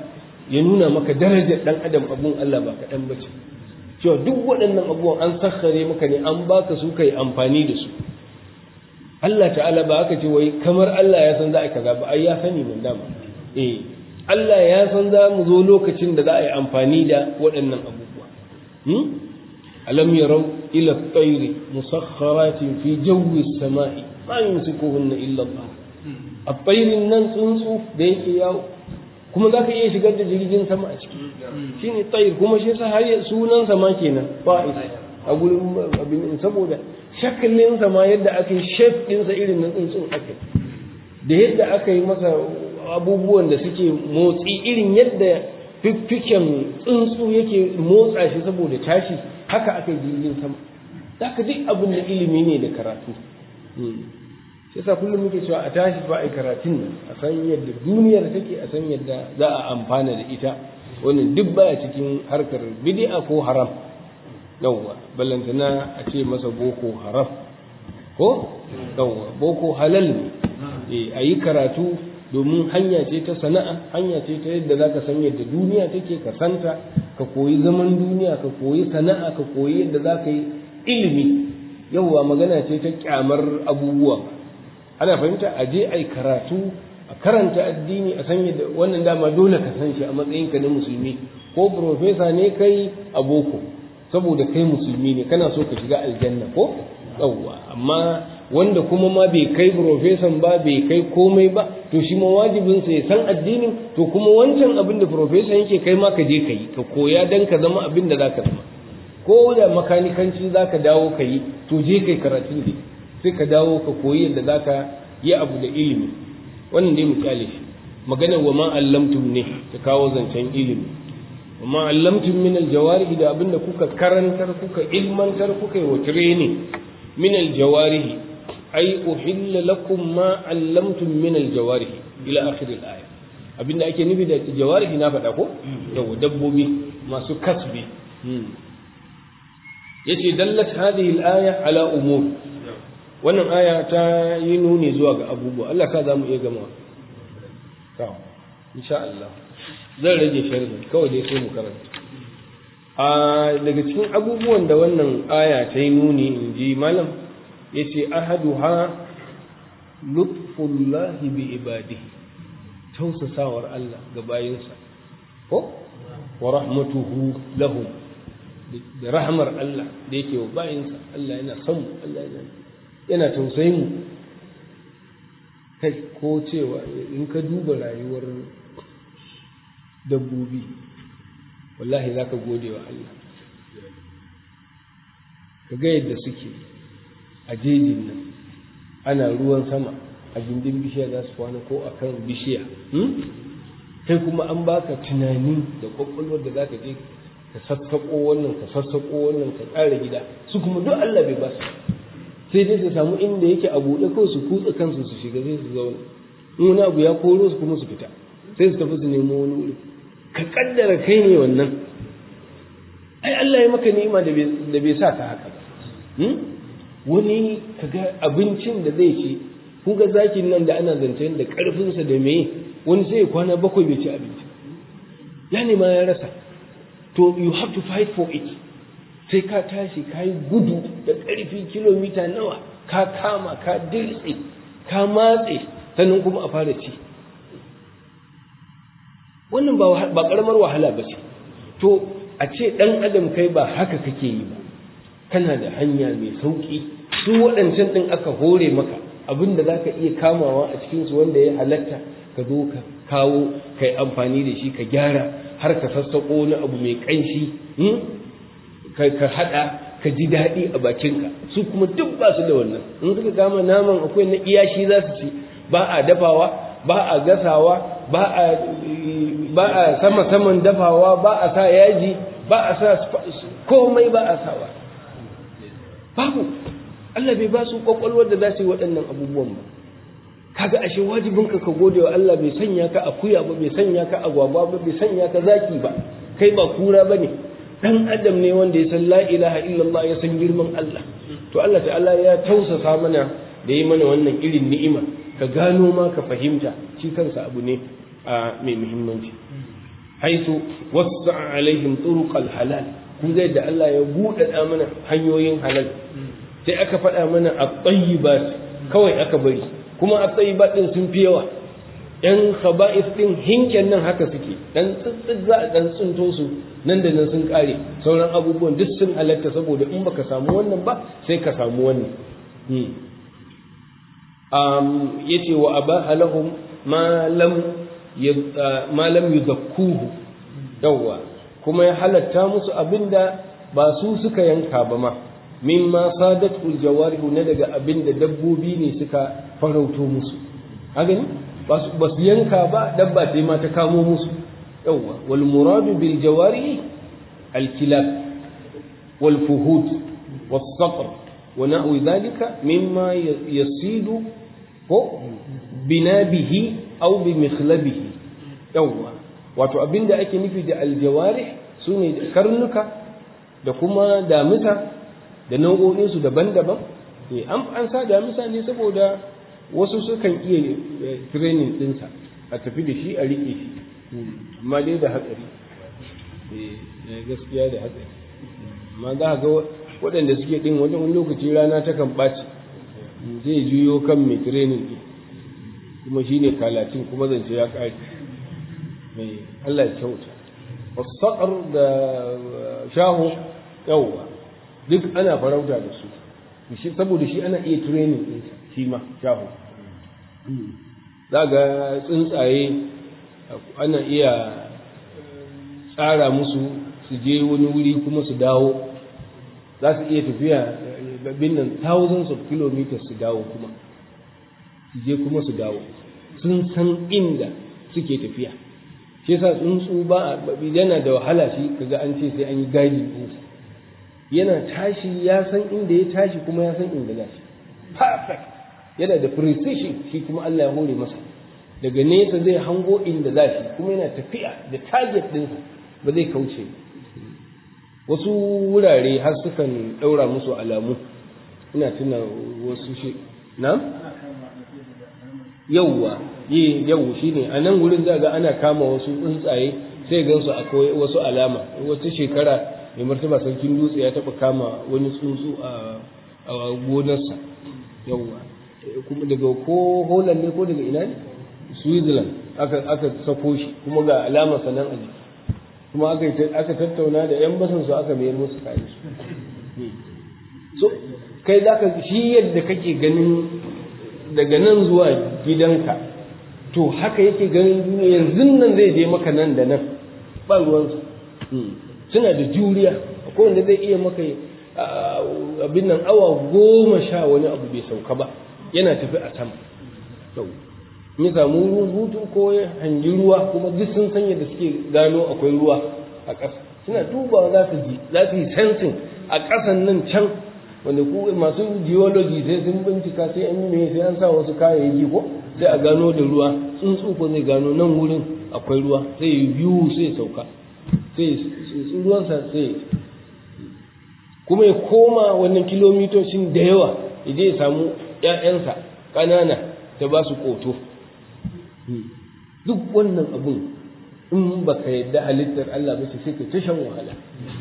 ya nuna maka darajar ɗan adam abun Allah ba kaɗan ba ce cewa duk waɗannan abubuwan an sassare maka ne an baka su kai amfani da su Allah ta'ala ba aka ce wai kamar Allah ya san za a kaza ba ai ya sani mun dama eh Allah ya san za mu zo lokacin da za a yi amfani da waɗannan abu Hmm? alam yaraw ila tayri musakharatin fi jawi sama'i ma yumsikuhunna illa Allah hmm. a tsairin nan tsuntsu da yake yawo kuma za ka iya shigar da jirgin sama a ciki hmm. shine tayr kuma shi sa har sunan sama kenan ba a gurin abin saboda shakalin sama yadda ake shape din ɗinsa irin na tsuntsun ake da yadda aka yi masa abubuwan da suke motsi irin yadda fiffiken tsuntsu yake motsa shi saboda tashi haka aka yi jirgin sama za ka duk abin da ilimi ne da karatu hmm. shi sa kullum muke cewa a tashi ba a karatun nan a san yadda duniyar take a san yadda za a amfana da ita Wani duk baya cikin harkar bidia ko haram yawwa ballantana a ce masa boko haram ko yawwa boko halal ne eh, a yi karatu domin hanya ce ta sana'a hanya ce ta yadda za ka san yadda duniya take ka santa ka koyi zaman duniya ka koyi sana'a ka koyi yadda za ka yi ilimi yauwa magana ce ta kyamar abubuwa ana fahimta a je a karatu a karanta addini a san yadda wannan dama dole ka san shi a matsayinka na musulmi ko profesa ne kai a boko saboda kai musulmi ne kana so ka shiga aljanna ko yauwa amma wanda kuma ma bai kai profesan ba bai kai komai ba to shi ma wajibin sa ya san addinin to kuma wancan abin da profesan yake kai ma ka je kai ka koya dan ka zama abin da zaka zama ko da makanikanci zaka dawo ka yi to je kai karatu ne sai ka dawo ka koyi yadda zaka yi abu da ilimi wannan dai misali shi magana wa ma allamtum ne ta kawo zancen ilimi wa ma allamtum min aljawarihi da abinda kuka karantar kuka ilmantar kuka yi wa training min aljawarihi ai uhilla lakum ma allamtum min aljawarih ila akhir alaya abinda ake nufi da jawarih na faɗa ko yau dabbobi masu kasbi yace dallat hadhihi alaya ala umur wannan aya ta yi nuni zuwa ga abubuwa Allah ka zamu iya gama to insha Allah zan rage sharhi kawai dai sai mu karanta a daga cikin abubuwan da wannan aya ta yi nuni in ji malam yace ahaduha lutfullahi bi ibadihi tausasawar Allah ga bayinsa ko wa rahmatuhu lahum da rahmar Allah da yake wa bayinsa Allah yana son Allah yana yana tausayin mu kai ko cewa in ka duba rayuwar dabbobi wallahi zaka gode wa Allah ka ga yadda suke a jejin nan ana ruwan sama a gindin bishiya za su kwana ko a kan bishiya Sai hmm? kuma an baka tunani da kwakwalwar da za ka je ka sassaƙo wannan ka sassaƙo wannan ka ƙara gida su kuma duk Allah bai ba su sai dai su samu inda yake a buɗe kawai su kutsa kansu su shiga sai su zauna in wani abu ya koro su kuma su fita sai su tafi su nemo wani wuri ka kaddara kai ne wannan ai Allah ya maka ni'ima da bai sa ka haka ba hmm? wani kaga abincin da zai ci kun ga zakin nan da ana zancen da karfinsa da meye wani sai ya kwana bakwai bai ci abinci ya nema ya rasa to you have to fight for it sai ka tashi ka yi gudu da ƙarfi kilomita nawa ka kama ka dirtse ka matse sannan kuma a fara ci wannan ba ƙaramar wahala ba ce to a ce ɗan adam kai ba haka kake yi ba kana da hanya mai sauƙi su waɗancan ɗin aka hore maka abin da za ka iya kamawa a cikinsu wanda ya halatta ka zo ka kawo kai yi amfani da shi ka gyara har ka sassaƙo wani abu mai ƙanshi hmm? ka haɗa ka ji daɗi a bakinka su kuma duk ba su da wannan in suka kama naman akwai na iyashi za su ci ba a dafawa ba a gasawa ba a sama saman dafawa ba a sa yaji ba a sa komai ba a sawa babu Allah bai ba su kwakwalwar da za su yi waɗannan abubuwan ba kaga ashe wajibin ka ka gode wa Allah bai sanya ka akuya ba bai sanya ka agwagwa ba bai sanya ka zaki ba kai ba kura ba ne. dan adam ne wanda ya san la ilaha illallah ya san girman Allah to Allah ta 'Allah ya tausasa mana da yi mana wannan irin ni'ima ka gano ma ka fahimta shi kansa abu ne a mai muhimmanci haitu wasu alaihim turuqal halal kun zai da Allah ya buɗaɗa mana hanyoyin halal sai aka faɗa mana at-tayyibat kawai aka bari kuma at-tayyibat din sun fi yawa yan haba'is ɗin hinken nan haka suke ɗan tsitsit za a ɗan tsinto su nan da nan sun ƙare sauran abubuwan duk sun halatta saboda in baka samu wannan ba sai ka samu wannan um hmm. ce wa aba lahum ma lam yi lam kuma ya halatta musu abinda ba su suka yanka ba ma mimma fadatul jawarihu na daga abin da dabbobi ne suka farauto musu agani ba su yanka ba dabba sai ma ta kamo musu yawwa wal muradu bil jawarihi al kilab wal fuhud was saqr wa na'u dhalika mimma yasidu ko binabihi aw bi mikhlabihi yawwa wato abinda ake nufi da al jawarih sune karnuka da kuma damita da nau'o'insu daban-daban eh, an sa damisa ne saboda wasu sukan iya eh, training dinsa a tafi da shi a riƙe shi amma dai da hatsari eh, gaskiya da hatsari amma za ga waɗanda suke ɗin wajen wani lokaci rana ta kan ɓaci zai juyo kan mai training ɗin kuma shi ne kalatin kuma zance ya ƙari mai Allah ya kyauta wasu saƙar da shaho yawwa duk ana farauta da su shi saboda shi ana iya training din shi ma shahu daga tsuntsaye ana iya eh, tsara musu su je wani wuri kuma su dawo za su iya tafiya eh, bin nan thousands of kilometers su dawo kuma su je kuma su dawo sun san inda suke tafiya shi yasa tsuntsu ba yana da wahala shi kaga an ce sai an yi gadi ɗinsa yana tashi ya san inda ya tashi kuma ya san inda ya perfect yana da precision shi kuma Allah ya hore masa daga nesa zai hango inda za shi kuma yana tafiya da target ɗinsa ba zai kauce wasu wurare har sukan ɗaura musu alamu ina tuna wasu shi na? yauwa yi yau shi ne a nan wurin za ga ana kama wasu tsuntsaye sai gansu akwai wasu alama wata shekara mai martaba sarkin dutse ya taɓa kama wani tsuntsu a gonarsa yawwa kuma daga ko holland ne ko daga ina ne switzerland aka sako shi kuma ga alama sanar a jiki kuma aka tattauna da yan basan su aka mayar musu kayan su so kai za ka shi yadda kake ganin daga nan zuwa gidanka to haka yake ganin duniya yanzu nan zai je maka nan da nan ba ruwansa hmm. suna da juriya akwai wanda zai iya maka abin nan awa goma sha wani abu bai sauka ba yana tafi a sama ya samu hutu ko hangi ruwa kuma duk sun san yadda suke gano akwai ruwa a ƙasa suna dubawa za su ji za su yi sensin a ƙasan nan can wanda ku masu geology sai sun bincika sai an yi sai an sa wasu kayayyaki ko sai a gano da ruwa tsuntsu ko zai gano nan wurin akwai ruwa sai yi biyu sai sauka sai ruwansa sai kuma ya koma wannan kilomitocin da yawa je ya samu ‘ya'yansa ƙanana ta ba su ƙoto duk wannan abin in ba ka yadda halittar Allah ba sai ka ta shan wahala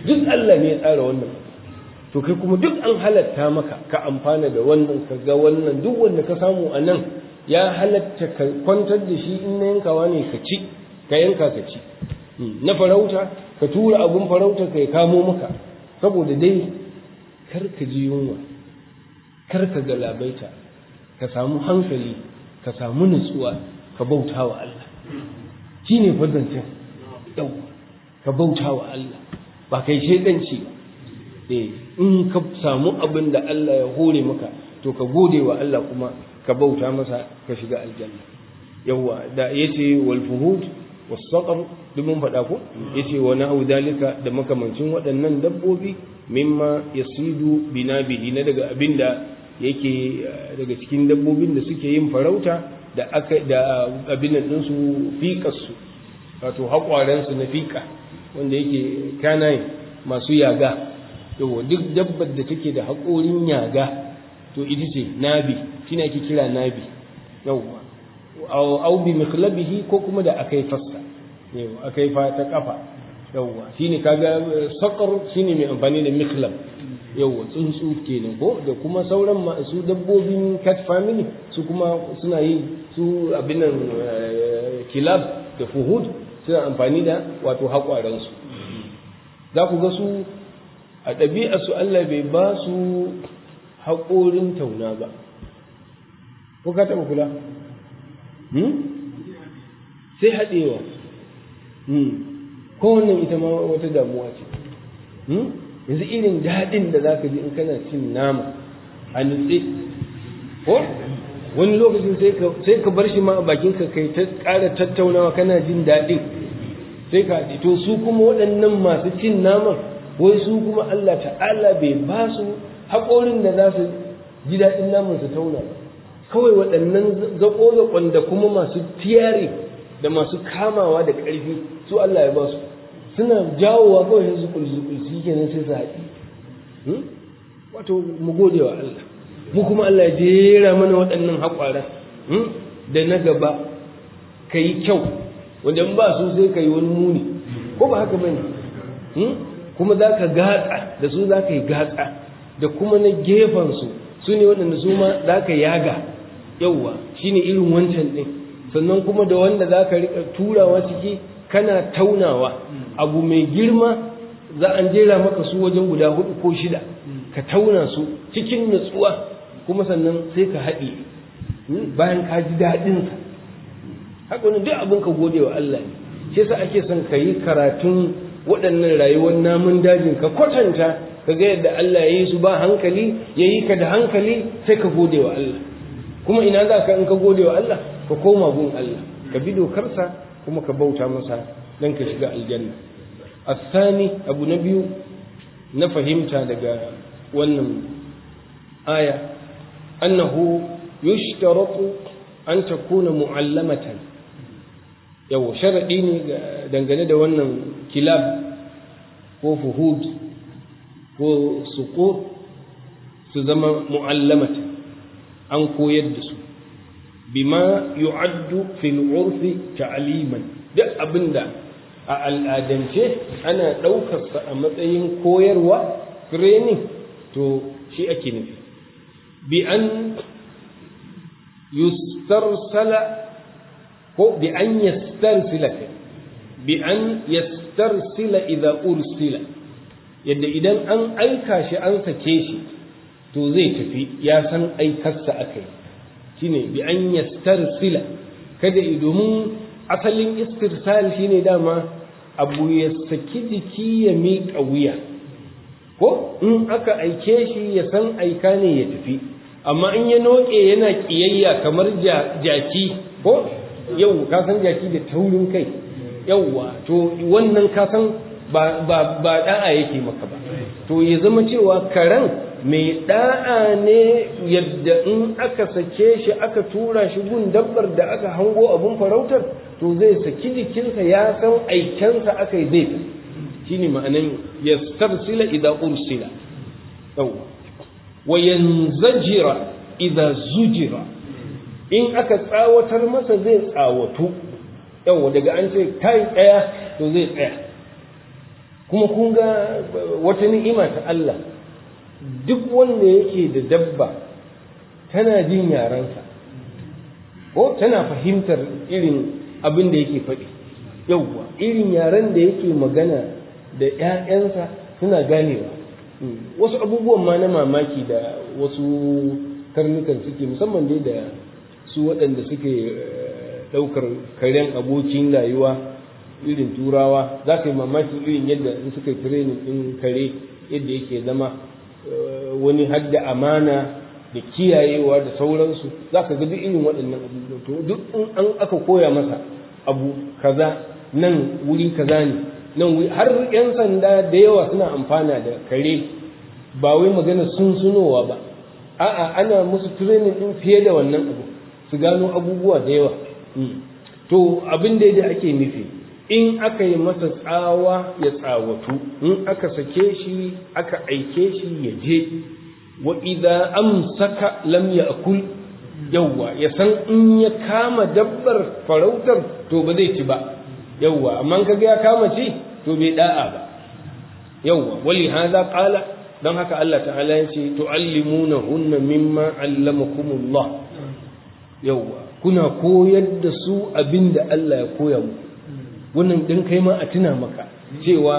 duk Allah ne ya tsara wannan to kai kuma duk an halatta maka ka amfana da wannan ka ga wannan duk wanda ka samu a nan ya halatta ka kwantar da shi in na yankawa ne ka ci ka yanka ka ci na farauta ka tura abin farauta ka ya kamo maka saboda dai kar ji yunwa karka ka galabaita ka samu hankali ka samu nutsuwa ka bauta wa Allah shi ne fadancin yau ka bauta wa Allah ba kai shaidanci ba eh in ka samu abin da Allah ya hore maka to ka gode wa Allah kuma ka bauta masa ka shiga aljanna yawwa da yace wal fuhud wasaƙar duk mun faɗa ko ya ce wa na dalika da makamancin waɗannan dabbobi mimma ya sidu bina bihi na daga abin da yake daga cikin dabbobin da suke yin farauta da aka da abin su wato haƙwarensu na fiƙa wanda yake kanayin masu yaga yawa duk dabbar da take da haƙorin yaga to ita ce nabi shi ne ake kira nabi yawa au bi mikhlabihi ko kuma da akai fas a yi ta kafa yawwa shine kaga eh, sakar shine mai amfani da miklam yawwa tsuntsu kenan ko da kuma sauran su dabbobin cat family su kuma suna yi su abin nan eh, kilab da fuhud suna amfani da wato hakwaran su za ku ga su a ɗabi'a su Allah bai ba su haƙorin tauna ba ko ka taɓa kula hmm? sai haɗewa Hmm. ko wannan ita ma wata damuwa ce hmm? yanzu irin daɗin da zaka ji in kana cin nama a nutse ko wani lokacin sai ka bar shi ma a ka kai ta ƙara tattaunawa kana jin daɗin sai ka to su kuma waɗannan masu cin naman wai su kuma Allah ta'ala bai ba su haƙorin da za su ji daɗin naman su tauna kawai waɗannan zaƙo-zaƙon da kuma masu tiyare da masu kamawa da ƙarfi su Allah ya ba su suna jawowa kawai yanzu kulzukul su yake nan sai su haɗi hmm? wato mu gode wa Allah mu kuma Allah ya jera mana waɗannan haƙwara hmm? da na gaba ka yi kyau wanda in ba su sai ka yi wani muni ko ba haka bane hmm? kuma za ka gatsa da su za ka yi gatsa da kuma na gefansu su ne waɗanda su ma za ka yaga yauwa shine irin wancan ɗin sannan kuma da wanda za ka riƙa turawa ciki kana taunawa mm. abu mai girma za an jera maka su wajen guda hudu ko shida mm. ka tauna su cikin nutsuwa kuma sannan sai ka haɗe mm. bayan ka ji daɗinsa haka wani duk abin ka gode wa Allah ne shi yasa ake son ka yi karatun waɗannan rayuwar namun dajin ka kwatanta ka ga yadda Allah ya yi su ba hankali ya yi ka da hankali sai ka gode wa Allah kuma ina za ka in ka gode wa Allah ka koma gun Allah ka bi dokarsa kuma ka bauta masa dan ka shiga aljanna asani abu na biyu na fahimta daga wannan aya annahu yushtaratu an takuna mu'allamatan yawo sharadi ne dangane da wannan kilab ko fuhud ko su zama mu'allamatan an koyar da su بما يعد في العرف تعليما دع أبن دع أعلى أنا لو كفت أمتين كوير و كريني تو شيء أكيني بأن يسترسل بأن يسترسل بأن يسترسل إذا أرسل yadda idan an aika shi an sake shi to zai tafi ya san aikarsa aka yi shine bi an yastarsila kada domin asalin istirsal shine dama abu ya saki jiki ya miƙa wuya ko in aka aike shi ya san aika ne ya tafi amma in ya noke yana ƙiyayya kamar jaki ko yau ka san jaki da taurin kai yauwa to wannan ka san ba ba yake maka ba to ya zama cewa karen. mai da'a ne yadda in aka sake shi aka tura shi gun dabbar da aka hango abun farautar to zai saki jikinsa ya san aikensa aka yi zai shine ma'anan yastarsila idza ursila wa yanzajira idza zujira in aka tsawatar masa zai tsawatu yawa daga an ce kai tsaya to zai tsaya kuma kun ga wata ni'ima ta Allah duk wanda yake da dabba tana jin yarensa ko tana fahimtar irin abin da yake faɗi yauwa irin yaren da yake magana da 'ya'yansa suna ganewa hmm, wasu abubuwan ma na mamaki da wasu karnukan suke musamman dai da su waɗanda suke eh, ɗaukar karen abokin rayuwa irin turawa za ka yi mamaki irin yadda in suka yi ɗin kare yadda yake zama wani hadda amana da kiyayewa da sauransu za ka ga duk irin waɗannan abubuwa to duk in an aka koya masa abu kaza nan wuri kaza ne nan wuri har 'yan sanda da yawa suna amfana da kare ba wai magana sun sunowa ba a'a ana musu training din fiye da wannan abu su gano abubuwa da yawa hmm. to abin da ake nufi in aka yi masa tsawa ya tsawatu in aka sake shi aka aike shi ya je wa idza amsaka lam ya'kul yawwa ya san in ya kama dabbar farautar to ba zai ci ba yawwa amma ga ya kama ci to bai da'a ba yawwa wali hadha qala dan haka Allah ta'ala ya ce hunna mimma 'allamakumullah yawwa kuna koyar da su abinda Allah ya koya muku wannan dan kai ma a tuna maka cewa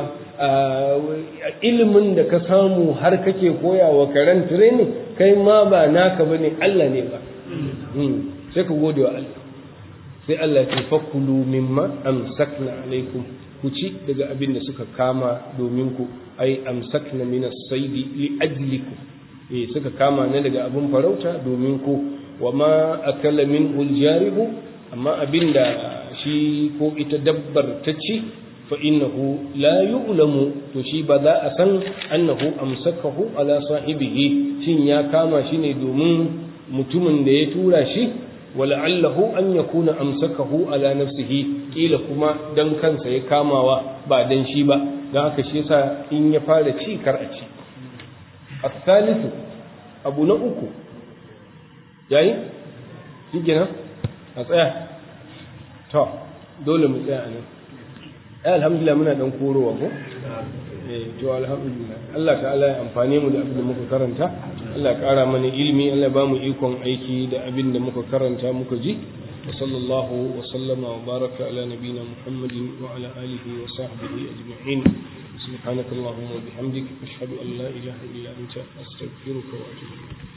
ilimin da ka samu har kake koyawa karen training kai ma ba naka ba ne Allah ne ba hmm. sai ka gode wa Allah sai Allah ce fakulu mimma amsakna alaikum ku ci daga abin da suka kama domin ku ai amsakna mina saidi li ajlikum eh suka kama ne daga abin farauta domin ku wa ma akala min uljarihu amma abin da shi ko ita dabbar ta ci fa innahu la yu'lamu to shi ba za a san annahu amsakahu ala sahibihi shin ya kama shi ne domin mutumin da ya tura shi wala'allahu an yakuna amsakahu ala nafsihi kila kuma dan kansa ya kamawa ba dan shi ba don haka shi yasa in ya fara ci kar a ci asalisu abu na uku yayi shi a tsaya to dole mu tsaya nan alhamdulillah muna dan korowa ko eh to alhamdulillah Allah ta'ala ya amfane mu da abin da muka karanta Allah ya kara mana ilimi Allah ba mu ikon aiki da abin da muka karanta muka ji وصلى الله وسلم وبارك على نبينا محمد وعلى آله وصحبه أجمعين سبحانك اللهم وبحمدك أشهد أن لا إله إلا أنت أستغفرك وأتوب إليك